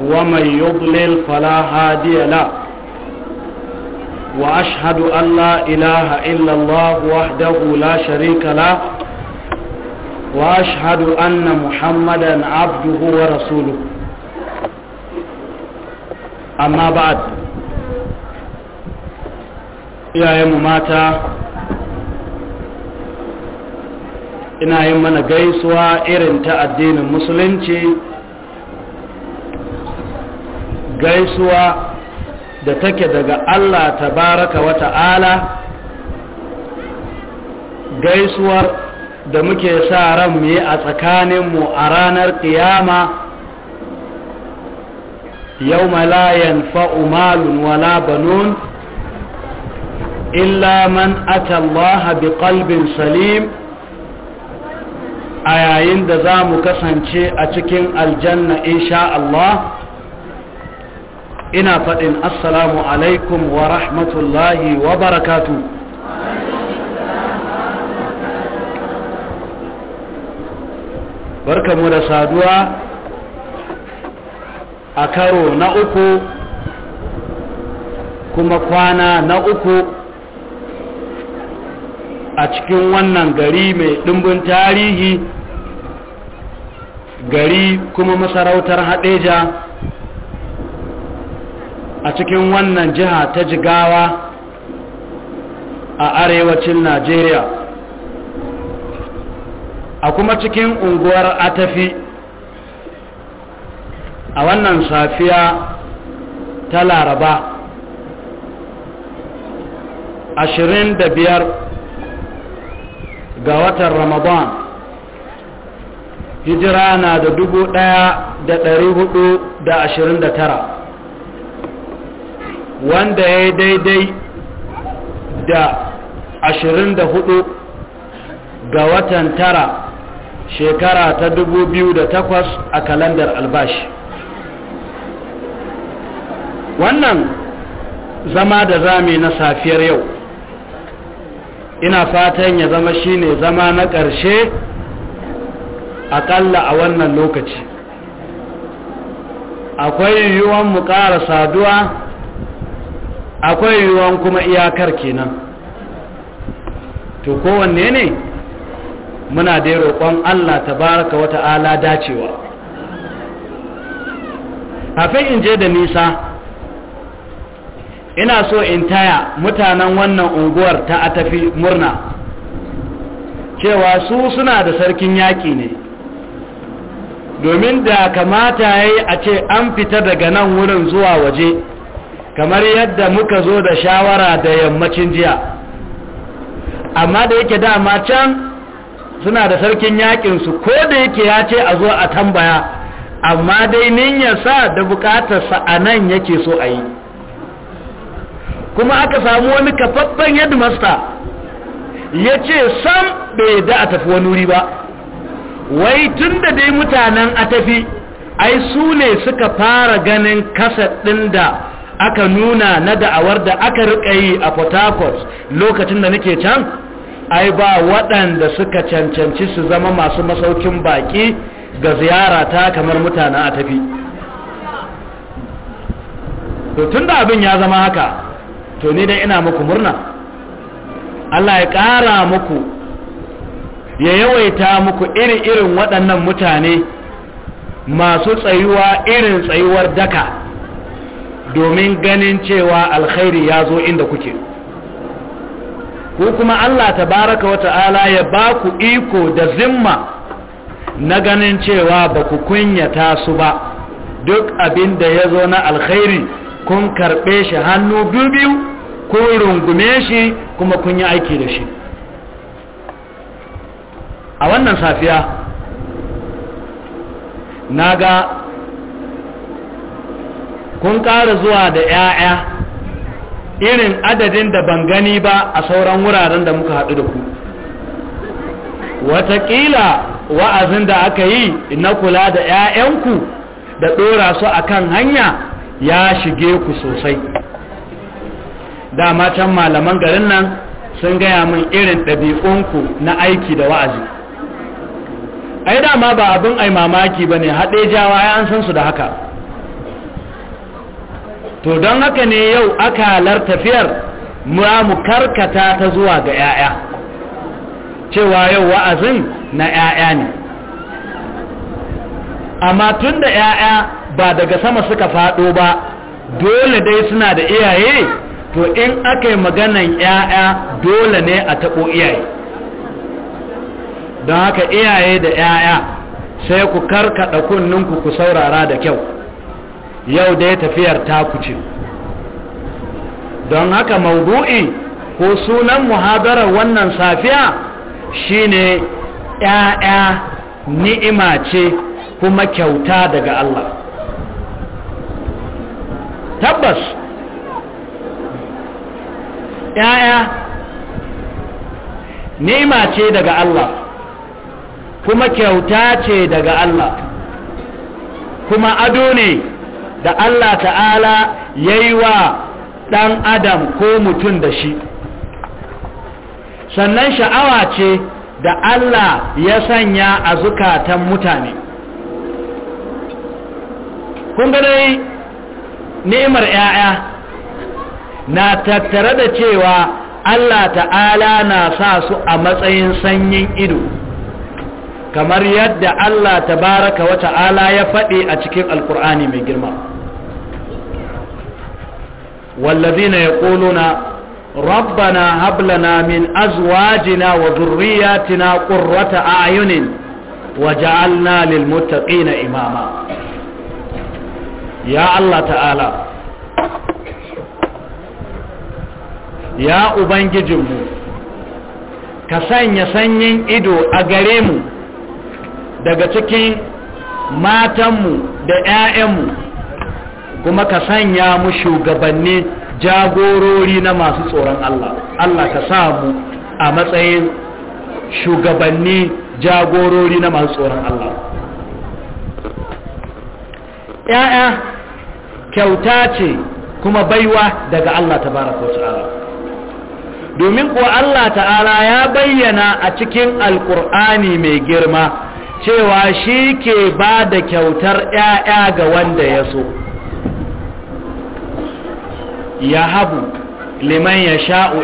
ومن يضلل فلا هادي له وأشهد أن لا إله إلا الله وحده لا شريك له وأشهد أن محمدا عبده ورسوله أما بعد يا مماتا ina yin mana gaisuwa irin ta addinin musulunci gaisuwa da take daga Allah tabaraka wa ta'ala gaisuwar da muke sa ran mu yi a tsakaninmu a ranar kiyama yau malayan fa'umalun wala banun illa man atallaha bi kalbin salim a yayin da za mu kasance a cikin aljanna insha Allah ina faɗin assalamu alaikum wa rahmatullahi wa barakatu barkamu da saduwa a karo na uku kuma kwana na uku a cikin wannan gari mai ɗimbin tarihi gari kuma masarautar haɗeja a cikin wannan jiha ta jigawa a arewacin najeriya a kuma cikin unguwar atafi a wannan safiya ta laraba 25 ga watan ramadan hijira na da 1429 wanda ya daidai da ashirin da hudu ga watan tara shekara ta dubu biyu da takwas a kalandar albashi wannan zama da zami na safiyar yau ina fatan ya zama shine zama na ƙarshe aƙalla a wannan lokaci akwai yiwuwan mu ƙara saduwa akwai yiwuwan kuma iyakar kenan to kowanne ne muna dai roƙon Allah tabaraka wa ta'ala dacewa kafin in je da nisa ina so in taya mutanen wannan unguwar ta a tafi murna cewa su suna da sarkin yaƙi ne domin da kamata ya yi a ce an fita daga nan wurin zuwa waje kamar yadda muka zo da shawara da yammacin jiya amma da yake dama can suna da sarkin yakinsu ko da yake ya ce a zo a tambaya amma dai sa da bukatarsa a nan yake so a yi kuma aka samu wani kafaffen headmaster ya ce sam bai da a tafi wani wuri ba wai tun da dai mutanen a tafi ai su ne suka fara ganin kasa ɗin da aka nuna na da'awar da aka rika yi a port harcourt lokacin da nake can ai ba waɗanda suka cancanci su zama masu masaukin baƙi ga ziyara ta kamar mutanen a tafi tun da abin ya zama haka to ni dai ina muku murna Allah ya ƙara muku ya yawaita muku iri-irin waɗannan mutane masu tsayuwa irin tsayuwar daka domin ganin cewa alkhairi ya zo inda kuke ko kuma Allah Ta baraka wa ta'ala ya ba ku iko da zimma na ganin cewa ba ku kunyata su ba duk abin da ya zo na alkhairi kun karɓe shi hannu biyu kun rungume shi kuma kun yi aiki da shi a wannan safiya na ga kun ƙara zuwa da 'ya'ya irin adadin da ban gani ba a sauran wuraren da muka haɗu da ku watakila wa'azin da aka yi na kula da 'ya'yanku da ɗora su a kan hanya ya shige ku sosai dama can malaman garin nan sun gaya min irin ɗabi'unku na aiki da wa'azi ai dama ba abin ai mamaki ba ne haɗe jawa ya an san su da haka to don haka ne yau akalar tafiyar mura mu karkata ta zuwa ga 'ya'ya cewa yau wa'azin na 'ya'ya ne amma tun da 'ya'ya ba daga sama suka faɗo ba dole dai suna da iyaye to in aka yi maganan 'ya'ya dole ne a taɓo iyaye don haka iyaye da 'ya'ya sai ku karkada kunninku ku saurara da kyau yau dai tafiyar ta kuce don haka maudu'i ko sunan muhadarar wannan safiya shine ‘ya'ya ni'ima ce kuma kyauta daga Allah tabbas ‘ya'ya ni'ima ce daga Allah kuma kyauta ce daga Allah kuma ado ne da Allah ta'ala ya yi wa ɗan adam ko mutum da shi sannan sha'awa ce da Allah ya sanya a zukatan mutane kun nemar 'ya'ya na tattare da cewa Allah ta'ala na sa su a matsayin sanyin ido kamar yadda Allah tabaraka wa ta'ala ya faɗi a cikin alkur'ani mai girma والذين يقولون ربنا هب لنا من أزواجنا وذرياتنا قرة أعين وجعلنا للمتقين إماما يا الله تعالى ya Ubangijinmu, ka sanya sanyin ido a gare mu daga cikin matanmu da ‘ya'yanmu kuma ka sanya mu shugabanni jagorori na masu tsoron Allah Allah ka sa mu a matsayin shugabanni jagorori na masu tsoron Allah ‘ya'ya kyauta ce kuma baiwa daga Allah ta baraka ta'ala domin kuwa Allah ta'ala ya bayyana a cikin alkur'ani mai girma cewa shi ke ba da kyautar ‘ya'ya ga wanda ya so’ ya habu liman ya sha'u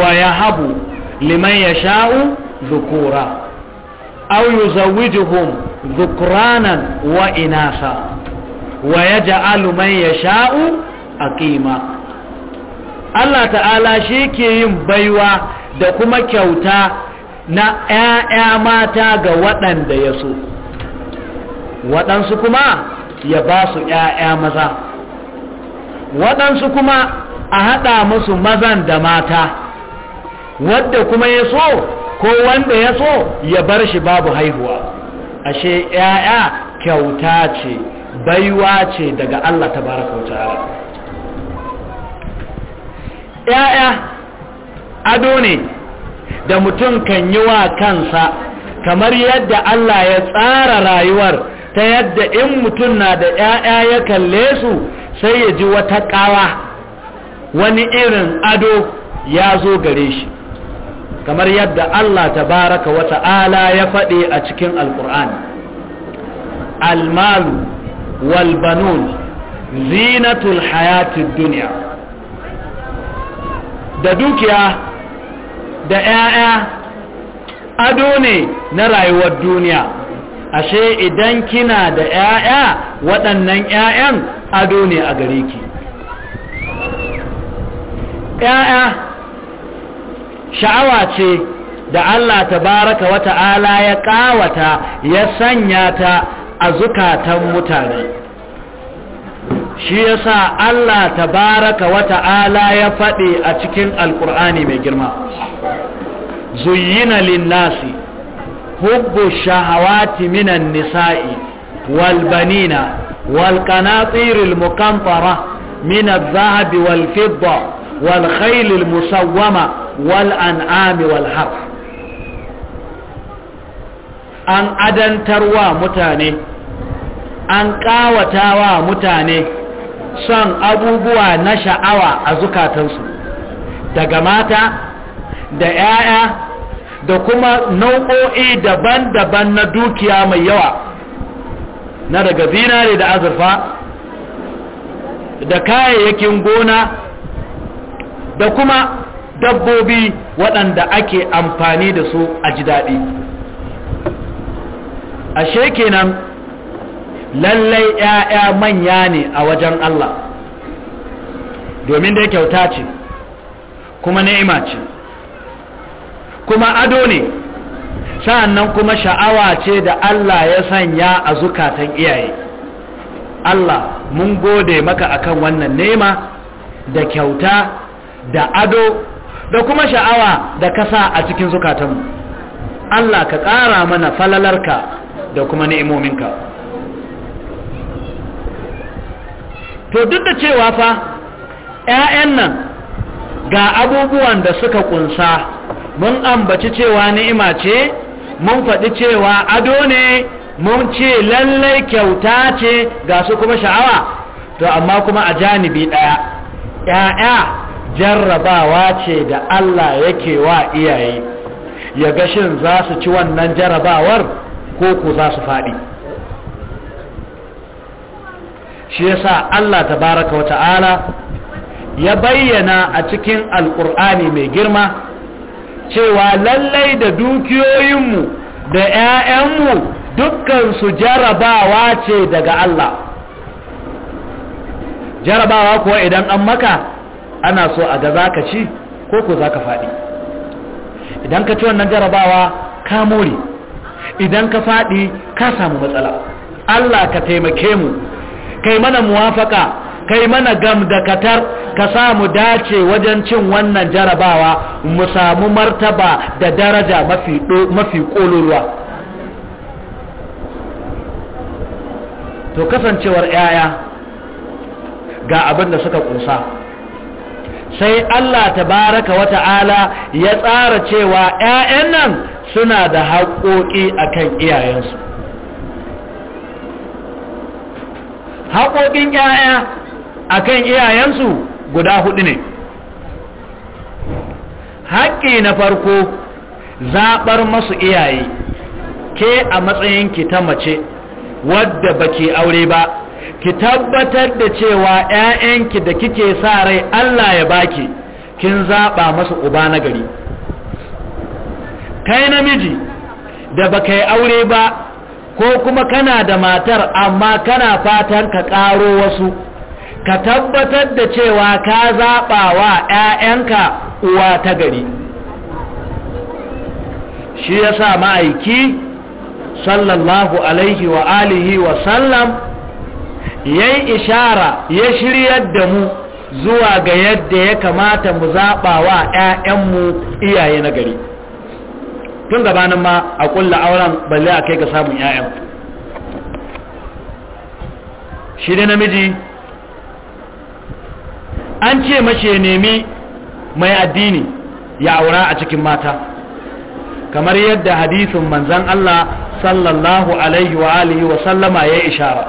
wa ya habu liman ya sha'u zukura au yuzawijuhum zukuranan wa inasa wa ya ja'alu man ya sha'u aqima Allah ta'ala shi ke yin baiwa da kuma kyauta na ‘ya'ya mata ga waɗanda ya so waɗansu kuma ya ba su ‘ya'ya maza waɗansu kuma a haɗa musu mazan da mata wadda kuma ya so ko wanda ya so ya bar shi babu haihuwa ashe ‘ya'ya kyauta ce baiwa ce daga Allah ta bara kyauta ‘ya'ya ado ne da mutum kan yi wa kansa kamar yadda Allah ya tsara rayuwar ta yadda in mutum na da ‘ya'ya ya kalle su sai ya ji wata ƙawa wani irin ado ya zo gare shi kamar yadda Allah tabaraka wa ta'ala ya faɗi a cikin al-malu almalu walbanun zinatul hayatid duniya da dukiya da 'ya'ya ado ne na rayuwar duniya ashe idan kina da 'ya'ya waɗannan 'ya'yan ado ne a gare ki 'ya'ya sha'awa ce da Allah ta baraka wa ta'ala ya ƙawata ya sanya ta a zukatan mutane shi ya sa Allah baraka wa ta'ala ya faɗi a cikin alƙur'ani mai girma zuyina linnasi hubbu shahawati minan nisa'i walbanina banina wal qanatiril muqantara min adh-dhahabi wal fidda wal khaylil musawwama wal an'ami wal harf an adantarwa mutane an ƙawatawa mutane son abubuwa na sha'awa a zukatansu daga mata da 'ya'ya da kuma nau'o'i daban-daban na dukiya mai yawa na daga zinare da azurfa da kayayyakin gona da kuma dabbobi waɗanda ake amfani da su a ji daɗi ashe kenan lallai 'ya'ya manya ne a wajen Allah domin da kyauta ce kuma ni'ima ce kuma ado ne sannan kuma sha'awa ce da Allah ya sanya a zukatan iyaye Allah mun gode maka akan wannan nema da kyauta da ado da kuma sha'awa da kasa a cikin zukatanmu Allah ka ƙara mana falalarka da kuma ni'imominka to duk da cewa fa 'ya'yan nan ga abubuwan da suka ƙunsa. mun ambaci cewa ni'ima ce mun faɗi cewa ado ne mun ce lallai kyauta ce ga su kuma sha'awa to amma kuma a janibi ɗaya Ƴaƴa jarrabawa ce da Allah yake wa iyaye ya gashin za su ci wannan jarrabawar ko ku za su faɗi shi yasa Allah tabaraka wa ta'ala ya bayyana a cikin alƙur'ani mai girma cewa lallai da dukiyoyinmu da 'ya'yanmu dukkansu jarabawa ce daga Allah jarabawa kuwa idan an maka ana so a ga za ci ko ko za ka faɗi idan ka ci wannan jarabawa ka more idan ka faɗi ka samu matsala Allah ka taimake mu kai mana muwafaka kai mana gam da katar ka samu dace wajen cin wannan jarabawa mu samu martaba da daraja mafi mafi to kasancewar yaya ga abin da suka kunsa sai Allah tabaraka wa ta'ala ya tsara cewa 'ya'yan nan suna da haƙoƙi a kan iyayensu haƙoƙin 'ya'ya akan iyayensu guda hudu ne haƙƙi na farko zaɓar masu iyaye ke a matsayinki ta mace wadda baki aure ba ki tabbatar da cewa 'ya'yanki da kike sa rai Allah ya baki kin zaɓa masu uba na gari kai namiji da baka yi aure ba ko kuma kana da matar amma kana fatan ka ƙaro wasu ka tabbatar da cewa ka zaɓa wa ‘ya'yanka uwa ta gari shi ya sa ma'aiki sallallahu alaihi wa alihi wa sallam ya yi ishara ya shiryar da mu zuwa ga yadda ya kamata mu zaɓa wa ‘ya'yanmu iyaye na gari tun gabanin ma a ƙulla auren balle a kai ga samun ‘ya'yan shi dai namiji an ce mace nemi mai addini ya aura a cikin mata kamar yadda hadisin manzan Allah sallallahu alaihi wa alihi wa sallama ya ishara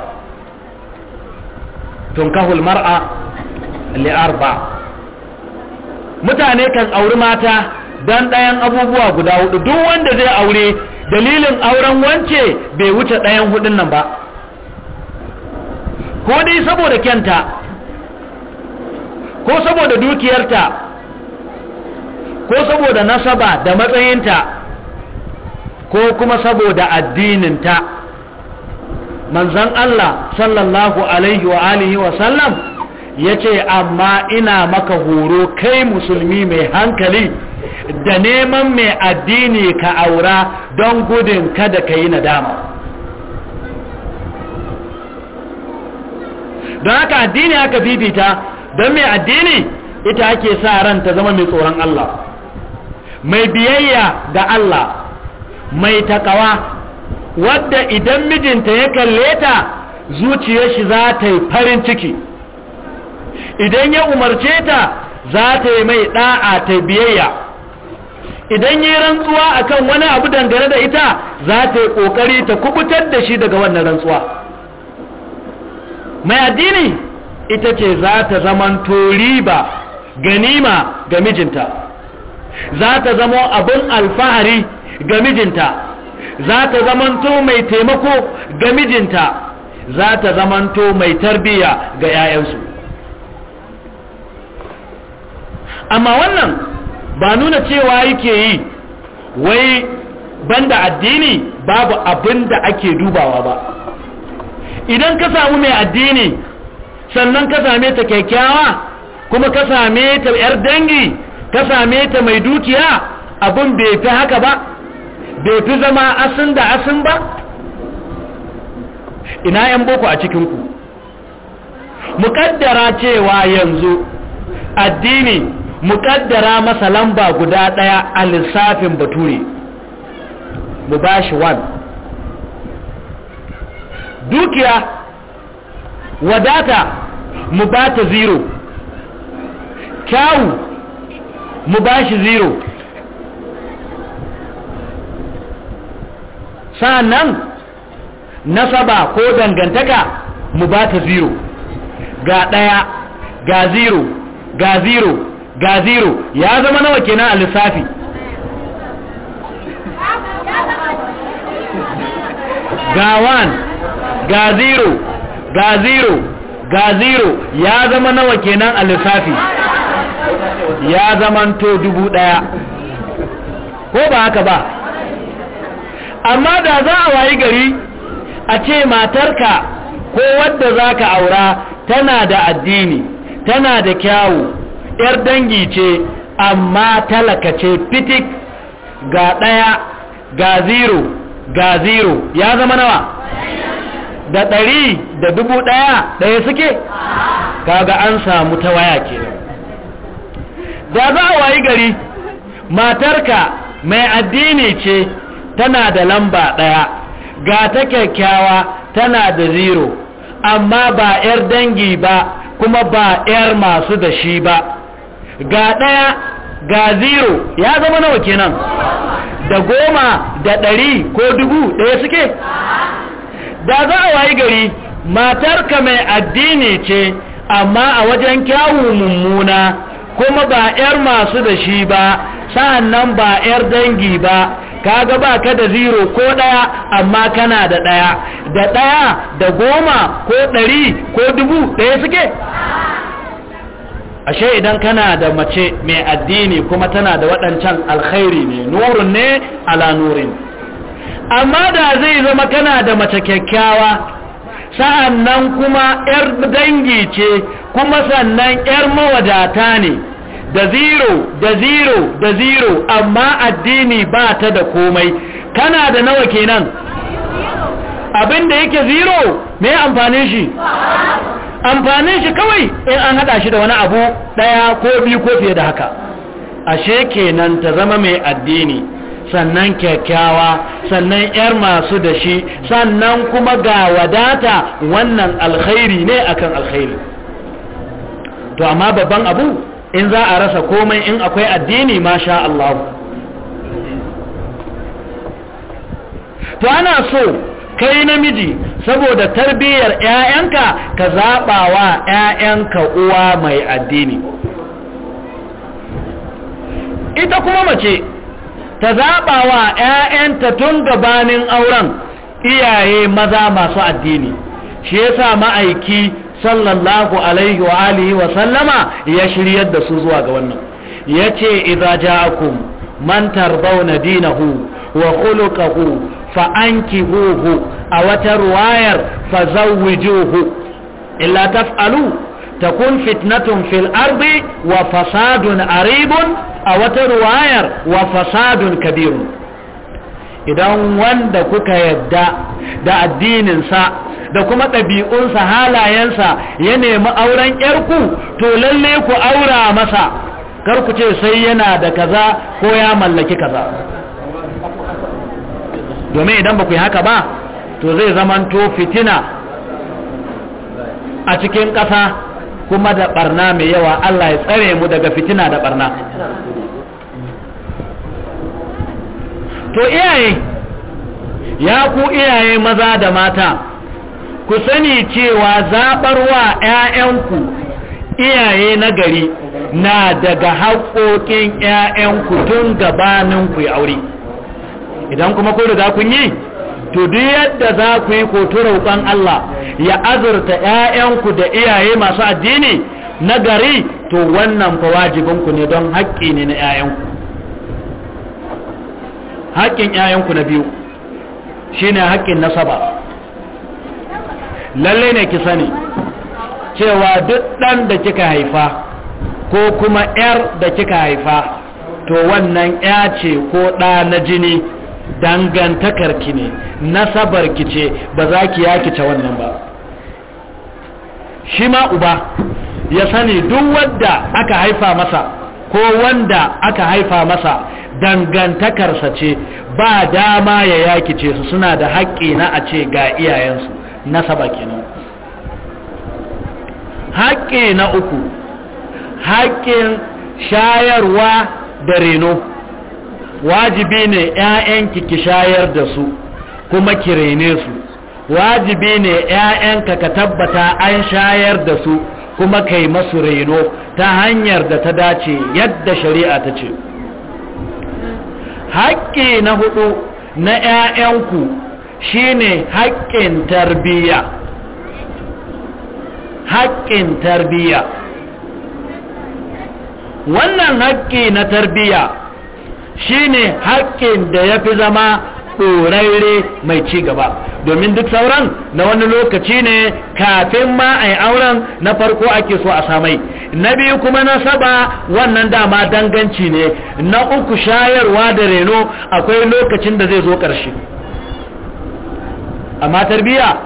tunkahul mar'a li arba mutane kan auri mata dan ɗayan abubuwa guda hudu duk wanda zai aure dalilin auren wance bai wuce ɗayan hudun nan ba ko dai saboda kyanta ko saboda dukiyarta ko saboda nasaba da matsayinta ko kuma saboda addininta manzan Allah sallallahu alaihi wa alihi wa sallam ya ce amma ina maka horo kai musulmi mai hankali da neman mai addini ka aura don gudun kada ka yi nadama don haka addini aka bibita don mai addini ita ake sa ran ta zama mai tsoron Allah mai biyayya ga Allah mai takawa wadda idan mijinta ya kalle ta zuciyar shi za ta yi farin ciki idan ya umarce ta za ta yi mai da'a ta biyayya idan yi rantsuwa akan wani abu dangane da ita za ta yi kokari ta kubutar da shi daga wannan rantsuwa mai addini ita ce za ta zamanto riba ganima ga mijinta za ta zama abin alfahari ga mijinta za ta zamanto mai taimako ga mijinta za ta zamanto mai tarbiya ga 'ya'yansu amma wannan ba nuna cewa yake yi wai banda addini babu abin da ake dubawa ba idan ka samu mai addini sannan ka same ta kyakkyawa kuma ka same ta yar dangi ka same ta mai dukiya Abun bai fi haka ba bai fi zama asin da asin ba ina yan boko a cikinku muƙaddara cewa yanzu addini muƙaddara masa lamba guda ɗaya a lissafin bature mu ba shi dukiya wadata mu ba ta zero kyawu mu ba shi zero sa'annan nasaba ko dangantaka mu ba ta zero ga daya ga zero ga zero ga zero ya zama nawa kenan a lissafi ga 1 ga 0 ga 0 ga zero ya zama nawa kenan a lissafi ya zamanto dubu daya ko ba haka ba amma da za a wayi gari a ce matarka ko wadda za ka aura tana da addini tana da kyawu ‘yar dangi ce amma talaka ce fitik ga daya ga zero ga zero ya zama nawa da ɗari da dubu ɗaya ɗaya suke kaga an samu ta waya ke da za a wayi gari matarka mai addini ce tana da lamba ɗaya ga ta kyakkyawa tana da zero amma ba 'yar dangi ba kuma ba 'yar masu da shi ba ga ɗaya ga zero ya zama nawa kenan da goma da ɗari ko dubu ɗaya suke da za a wayi gari matarka mai addini ce amma a wajen kyawu mummuna kuma ba 'yar masu da shi ba sa'annan ba 'yar dangi ba kaga ba ka da zero ko ɗaya amma kana da ɗaya da ɗaya da goma ko ɗari ko dubu ɗaya suke ashe idan kana da mace mai addini kuma tana da waɗancan alkhairi ne nurun ne ala nurin amma da zai zama kana da mace kyakkyawa sa'annan kuma 'yar dangi ce kuma sannan 'yar mawadata ne da zero da zero da zero amma addini ba ta da komai kana da nawa kenan abin da yake zero me amfanin shi amfanin shi kawai in an hada shi da wani abu daya ko biyu ko fiye da haka ashe kenan ta zama mai addini sannan kyakkyawa sannan yar masu da shi sannan kuma ga wadata wannan alkhairi ne akan alkhairi to amma babban abu in za a rasa komai in akwai addini masha Allah to ana so kai namiji saboda tarbiyyar 'ya'yanka ka zaɓa wa 'ya'yanka uwa mai addini ita kuma mace ta zaɓa wa 'ya'yanta tun gabanin auren iyaye maza masu addini shi yasa ma'aiki sallallahu alaihi wa alihi wa sallama ya shiryar da su zuwa ga wannan yace idza ja'akum man tarbawna dinahu wa khuluquhu fa ankihuhu a wata ruwayar fa zawwijuhu illa taf'alu takun فتنة fil الأرض wa fasadun aribun a wata ruwayar wa fasadun kabirun idan wanda kuka yadda da addininsa da kuma ɗabi'unsa halayensa ya nemi auren ƴarku to lalle ku aura masa kar ku ce sai yana da kaza ko ya mallaki kaza domin idan ba ku yi haka ba to zai zamanto fitina a cikin ƙasa kuma da barna mai yawa Allah ya tsare mu daga fitina da barna to iyaye ya ku iyaye maza da mata ku sani cewa zaɓarwa 'ya'yanku iyaye na gari na daga haƙoƙin 'ya'yanku tun gabaninku ya aure idan kuma ku riga kun yi to duk yadda za ku yi koto roƙon Allah ya azurta 'ya'yanku da iyaye masu addini na gari to wannan fa wajibinku ne don haƙƙi ne na 'ya'yanku haƙƙin 'ya'yanku na biyu shine haƙƙin nasaba Lallai ne ki sani cewa duk ɗan da kika haifa ko kuma 'yar da kika haifa to wannan 'ya ce ko ɗa na jini dangantakarki ne nasabar ki ce ba za ki yakice wannan ba shi ma uba ya sani duk wanda aka haifa masa ko wanda aka haifa masa dangantakarsa ce ba dama ya yakice su suna da haƙƙi na a ce ga iyayensu nasaba kenan haƙƙi na uku haƙƙin shayarwa da reno wajibi ne 'ya'yanki ki shayar da su kuma ki rene su wajibi ne 'ya'yanka ka tabbata an shayar da su kuma kai masu reno ta hanyar da ta dace yadda shari'a ta ce haƙƙi na hudu na 'ya'yanku shine haƙƙin tarbiyya haƙƙin tarbiyya wannan haƙƙi na tarbiyya Shi ne haƙƙin da ya fi zama ɗoraire mai ci gaba domin duk sauran na wani lokaci ne kafin ma a yi auren na farko ake so a samai na biyu kuma na saba wannan dama danganci ne na uku shayarwa da reno akwai lokacin da zai zo ƙarshe amma tarbiya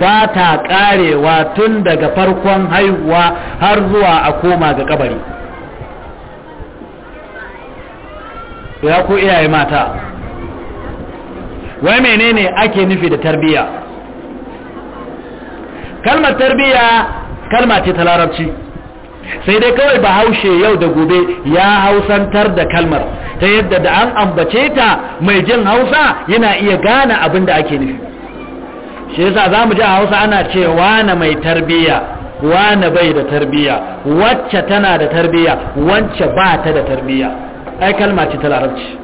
ba ta ƙarewa tun daga farkon haihuwa har zuwa a koma ga kabari ya ku iyaye mata wai menene ake nufi da tarbiya kalmar tarbiya kalma ce ta larabci sai dai kawai bahaushe yau da gobe ya hausantar da kalmar ta yadda da an ambace ta mai jin hausa yana iya gane abin da ake nufi shi yasa za mu ji a hausa ana ce wane mai tarbiya wane bai da tarbiya wacce tana da tarbiya wacce ba ta da tarbiya ai kalma ce ta larabci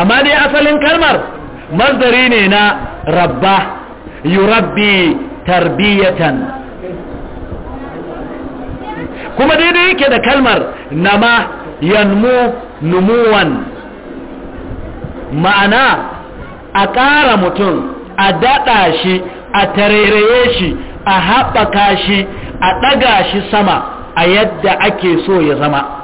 amma dai asalin kalmar mazdari ne na rabba yurabbi tarbiyatan kuma daidai yake da kalmar nama yanmu numuwan ma'ana a ƙara mutum a daɗa shi a tarairaye shi a haɓaka shi a ɗaga shi sama a yadda ake so ya zama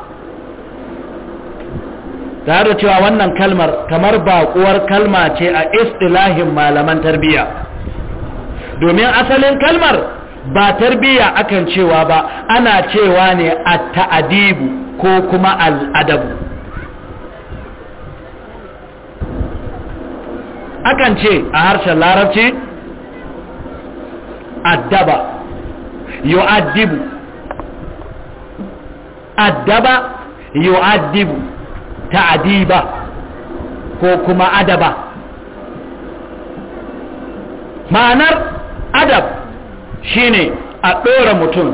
ta da cewa wannan kalmar kamar baƙuwar kalma ce a istilahin malaman tarbiyya domin asalin kalmar ba tarbiyya akan cewa ba ana cewa ne a ta'adibu ko kuma al'adabu akan ce a harshen larabci addaba yu'addibu addaba yu'addibu ta'adiba ko kuma adaba ma'anar adab shine a ɗora mutum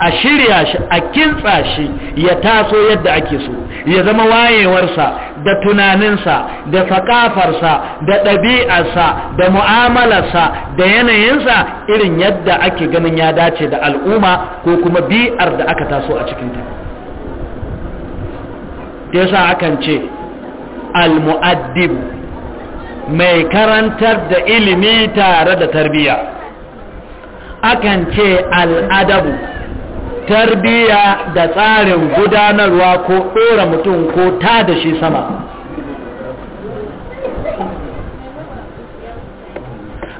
a shirya shi a kintsa shi ya taso yadda ake so ya zama wayewarsa da tunaninsa da fakafarsa da ɗabi'arsa da mu'amalarsa da yanayinsa irin yadda ake ganin ya dace da al'umma ko kuma bi'ar da aka taso a cikinta shi yasa akan ce al-mu'addib mai karantar da ilimi tare da tarbiya akan ce al'adabu tarbiya da tsarin gudanarwa ko ɗora mutum ko ta da shi sama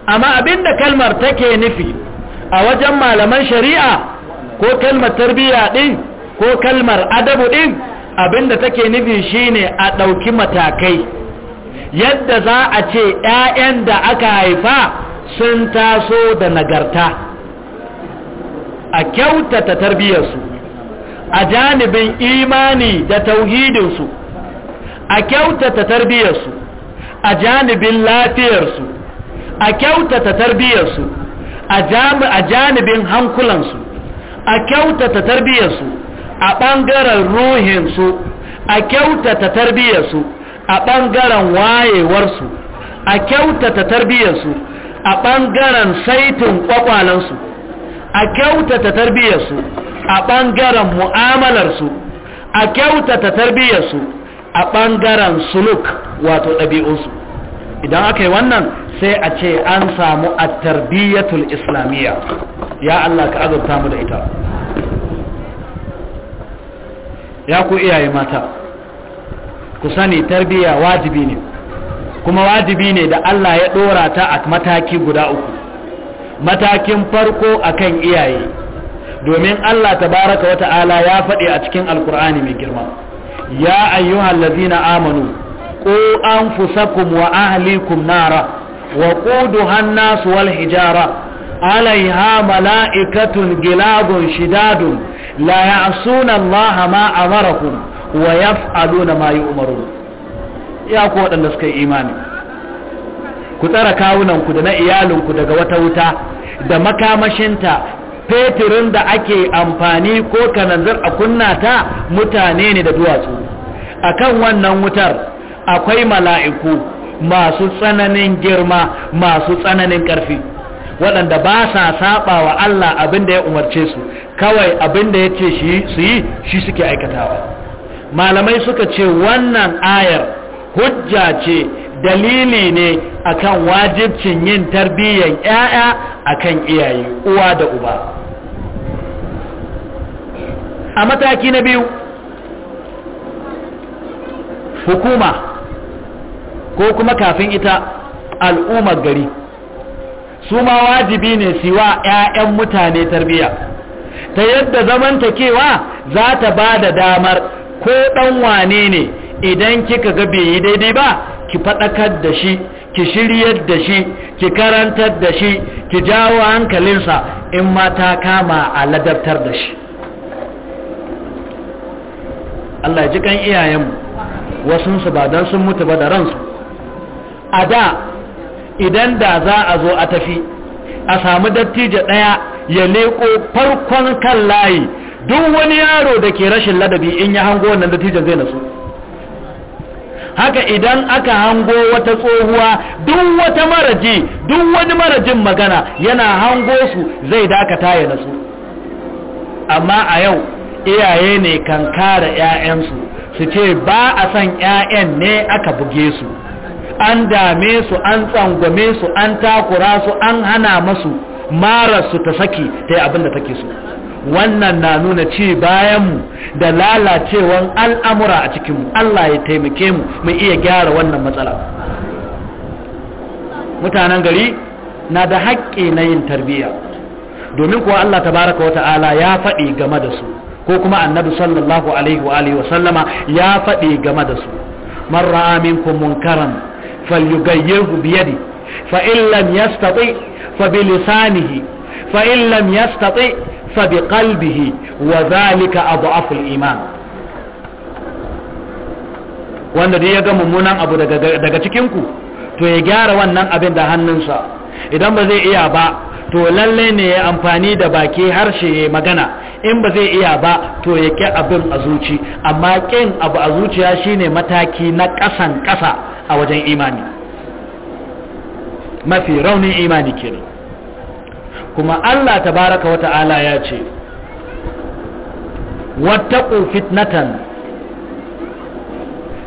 amma abinda kalmar take nufi a wajen malaman shari'a ko kalmar tarbiya ɗin ko kalmar adabu ɗin abinda take nufi shine a ɗauki matakai yadda za a ce 'ya'yan da aka haifa sun taso da nagarta a kyautata tarbiyarsu a janibin imani da tauhidinsu a kyautata tarbiyarsu a janibin lafiyarsu a kyautata tarbiyarsu a janibin hankulansu a kyautata tarbiyarsu a ɓangaren ruhinsu a kyautata tarbiyyarsu a ɓangaren wayewarsu a kyautata tarbiyyarsu a ɓangaren saitin ƙwaƙwalansu a kyautata tarbiyyarsu a ɓangaren mu'amalarsu a kyautata tarbiyyarsu a ɓangaren suluk wato ɗabi'unsu idan aka yi wannan sai a ce an samu a tarbiyyatul islamiyya ya Allah ka azurta mu da ita ya ku iyaye mata ku sani tarbiyya wajibi ne kuma wajibi ne da Allah ya dora ta a mataki guda uku matakin farko akan iyaye domin Allah tabaraka wa ta'ala ya faɗi a cikin alkur'ani mai girma ya ayyuhal ladzina amanu qu anfusakum wa ahlikum nara wa quduha an-nas wal hijara alaiha mala'ikatun gilabun shidadun la ya'suna Allah ma amarahum wa yaf'aluna ma yu'marun ya ko waɗanda suka yi imani ku tsara kawunanku da na iyalinku daga wata wuta da makamashinta fetirin da ake amfani ko kananzir a kunna ta mutane ne da duwatsu akan wannan wutar akwai mala'iku masu tsananin girma masu tsananin ƙarfi waɗanda ba sa saba wa Allah abin da ya umarce su kawai abin da ya ce su yi shi suke aikatawa malamai suka ce wannan ayar hujja ce dalili ne akan wajibcin yin tarbiyyar 'ya'ya akan iyaye uwa da uba a mataki na biyu hukuma ko kuma kafin ita al'ummar gari su ma wajibi ne su wa 'ya'yan mutane tarbiyya ta yadda kewa za ta ba da damar ko ɗan wane ne idan kika ga bai yi daidai ba ki faɗakar da shi ki shiryar da shi ki karantar da shi ki jawo hankalinsa in ma ta kama a ladabtar da shi Allah ji kan iyayenmu wasunsu ba don sun mutu ba da ransu a da idan da za a zo a tafi a samu dattijo ɗaya ya leko farkon kan layi duk wani yaro da ke rashin ladabi in ya hango wannan dattijon zai nasu haka idan aka hango wata tsohuwa duk wata maraji duk wani marajin magana yana hango su zai dakata ya nasu amma a yau iyaye ne kan kare 'ya'yansu su ce ba a san 'ya'yan ne aka buge su an dame su an tsangwame su an takura su an hana masu su ta saki ta yi abin da take so wannan na nuna ci bayanmu da lalacewan al'amura a cikinmu Allah ya taimake mu mu iya gyara wannan matsala mutanen gari na da haƙƙi na yin tarbiyya domin kuwa Allah tabaraka wa ta'ala ya faɗi game da su ko kuma annabi sallallahu alaihi wa sallama ya faɗi game da su man aminku munkaran falyughayyirhu bi yadi fa in lam yastati fa bi lisanihi fa in lam yastati fa bi qalbihi wa dhalika adhafu al-iman wanda dai ya ga mummunan abu daga daga cikin ku to ya gyara wannan abin da hannunsa idan ba zai iya ba to lalle ne ya amfani da baki harshe ya magana in ba zai iya ba to ya ƙi abin a zuci amma ƙin abu a zuciya shine mataki na ƙasan ƙasa a wajen imani mafi raunin imani kenan kuma Allah tabaraka wa ta'ala ya ce wattaqu fitnatan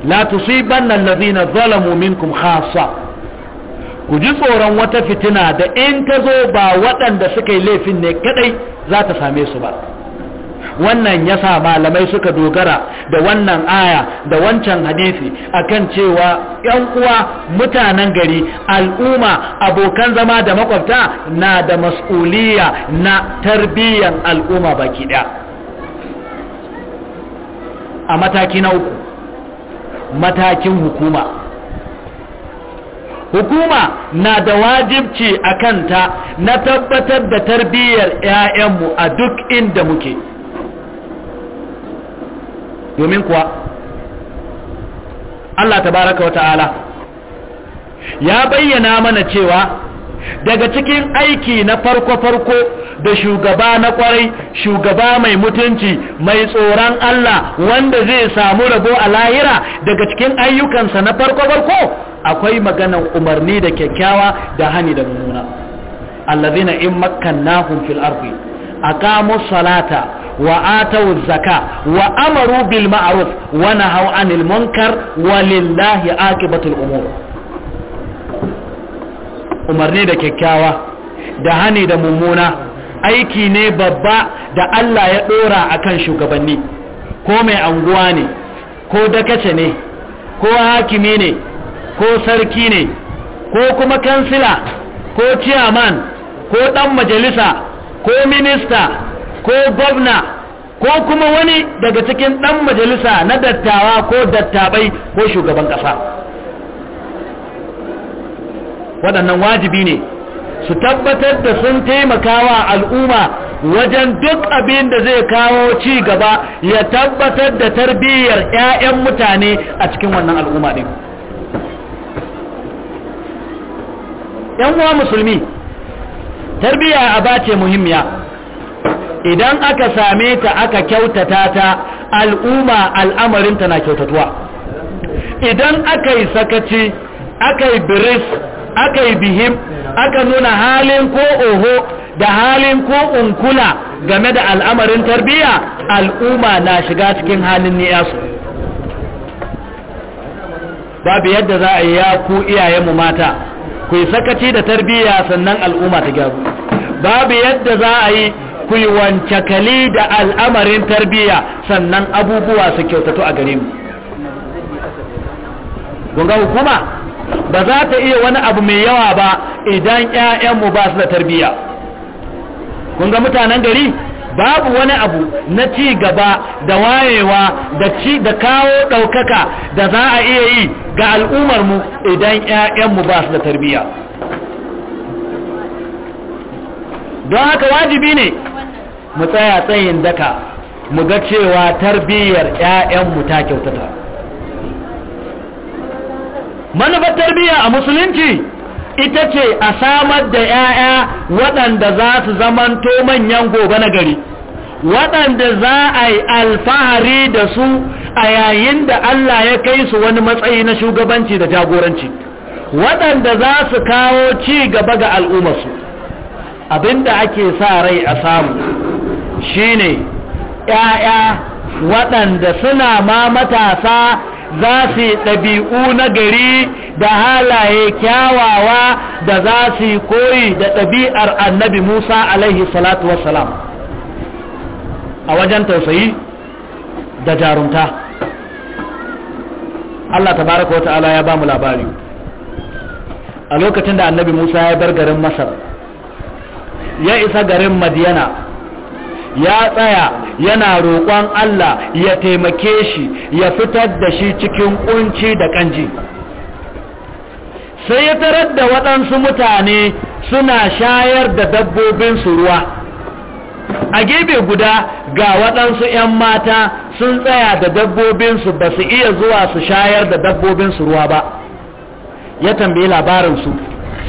la tusibanna alladhina zalamu minkum khassa ku ji tsoron wata fitina da in ta zo ba waɗanda suka yi laifin ne kadai za ta same su ba wannan ya sa malamai suka dogara da wannan aya da wancan hadisi kan cewa yan uwa mutanen gari al'umma abokan zama da makwabta na da mas'uliya na tarbiyyar al'umma baki ɗaya. a mataki na uku matakin hukuma hukuma na da wajibci a kanta na tabbatar da tarbiyyar 'ya'yanmu a duk inda muke domin kuwa Allah baraka wa ta'ala ya bayyana mana cewa daga cikin aiki na farko-farko da shugaba na kwarai shugaba mai mutunci mai tsoron Allah wanda zai samu rabo a lahira daga cikin ayyukansa na farko-farko akwai maganan umarni da kyakkyawa da hani da mummuna allazina in makkannahum fil ardi aqamu salata wa atau zaka wa amaru bil ma'ruf wa nahaw anil munkar walillahi aqibatul umur umarni da kyakkyawa da hani da mumuna aiki ne babba da Allah ya dora akan shugabanni ko mai anguwa ne ko dakace ne ko hakimi ne ko sarki ne ko kuma kansila ko chairman ko dan majalisa ko minista ko gwamna ko kuma wani daga cikin dan majalisa na dattawa ko dattabai ko shugaban kasa waɗannan wajibi ne su tabbatar da sun taimakawa al'umma wajen duk abin da zai kawo ci gaba ya tabbatar da tarbiyyar 'ya'yan mutane a cikin wannan al'umma ɗin yan uwa musulmi tarbiyya aba ce muhimmiya idan aka same ta aka kyautata ta al'umma al'amarinta na kyautatuwa idan aka yi sakaci aka yi biris aka yi bihim aka nuna halin ko oho da halin ko unkula game da al'amarin tarbiyya al'umma na shiga cikin halin niyasu babu yadda za a yi ya ku iyayenmu mata ku yi sakaci da tarbiyya sannan al'umma ta gyaru babu yadda za a yi ku yi wancakali da al'amarin tarbiyya sannan abubuwa su kyautatu a gare mu. Gunga hukuma ba za ta iya wani abu mai yawa ba idan 'ya'yanmu ba su da tarbiyya kun ga mutanen gari babu wani abu na ci gaba da wayewa da ci da kawo ɗaukaka da za a iya yi ga al'ummarmu idan 'ya'yanmu ba su da tarbiyya don haka wajibi ne mu tsaya tsayin daka mu ga cewa tarbiyyar 'ya'yanmu ta kyautata manufar tarbiyya a musulunci ita ce a samar da 'ya'ya waɗanda za su zamanto manyan gobe na gari waɗanda za a yi alfahari da su a yayin da Allah ya kai su wani matsayi na shugabanci da jagoranci waɗanda za su kawo ci gaba ga al'ummarsu abinda ake sa rai a samu shine 'ya'ya waɗanda suna ma matasa za su ɗabi'u na gari da halaye kyawawa da za su koyi da ɗabi'ar annabi musa alaihi salatu wassalam a wajen tausayi da jarumta allah tabaraka wa ta'ala ya ba mu labari a lokacin da annabi musa ya bar garin masar ya isa garin madiyana ya tsaya yana roƙon Allah ya taimake shi ya fitar da shi cikin ƙunci da ƙanji. sai ya tarar da waɗansu mutane suna shayar da dabbobinsu ruwa a gefe guda ga waɗansu 'yan mata sun tsaya da dabbobinsu ba su iya zuwa su shayar da dabbobinsu ruwa ba ya tambayi labarinsu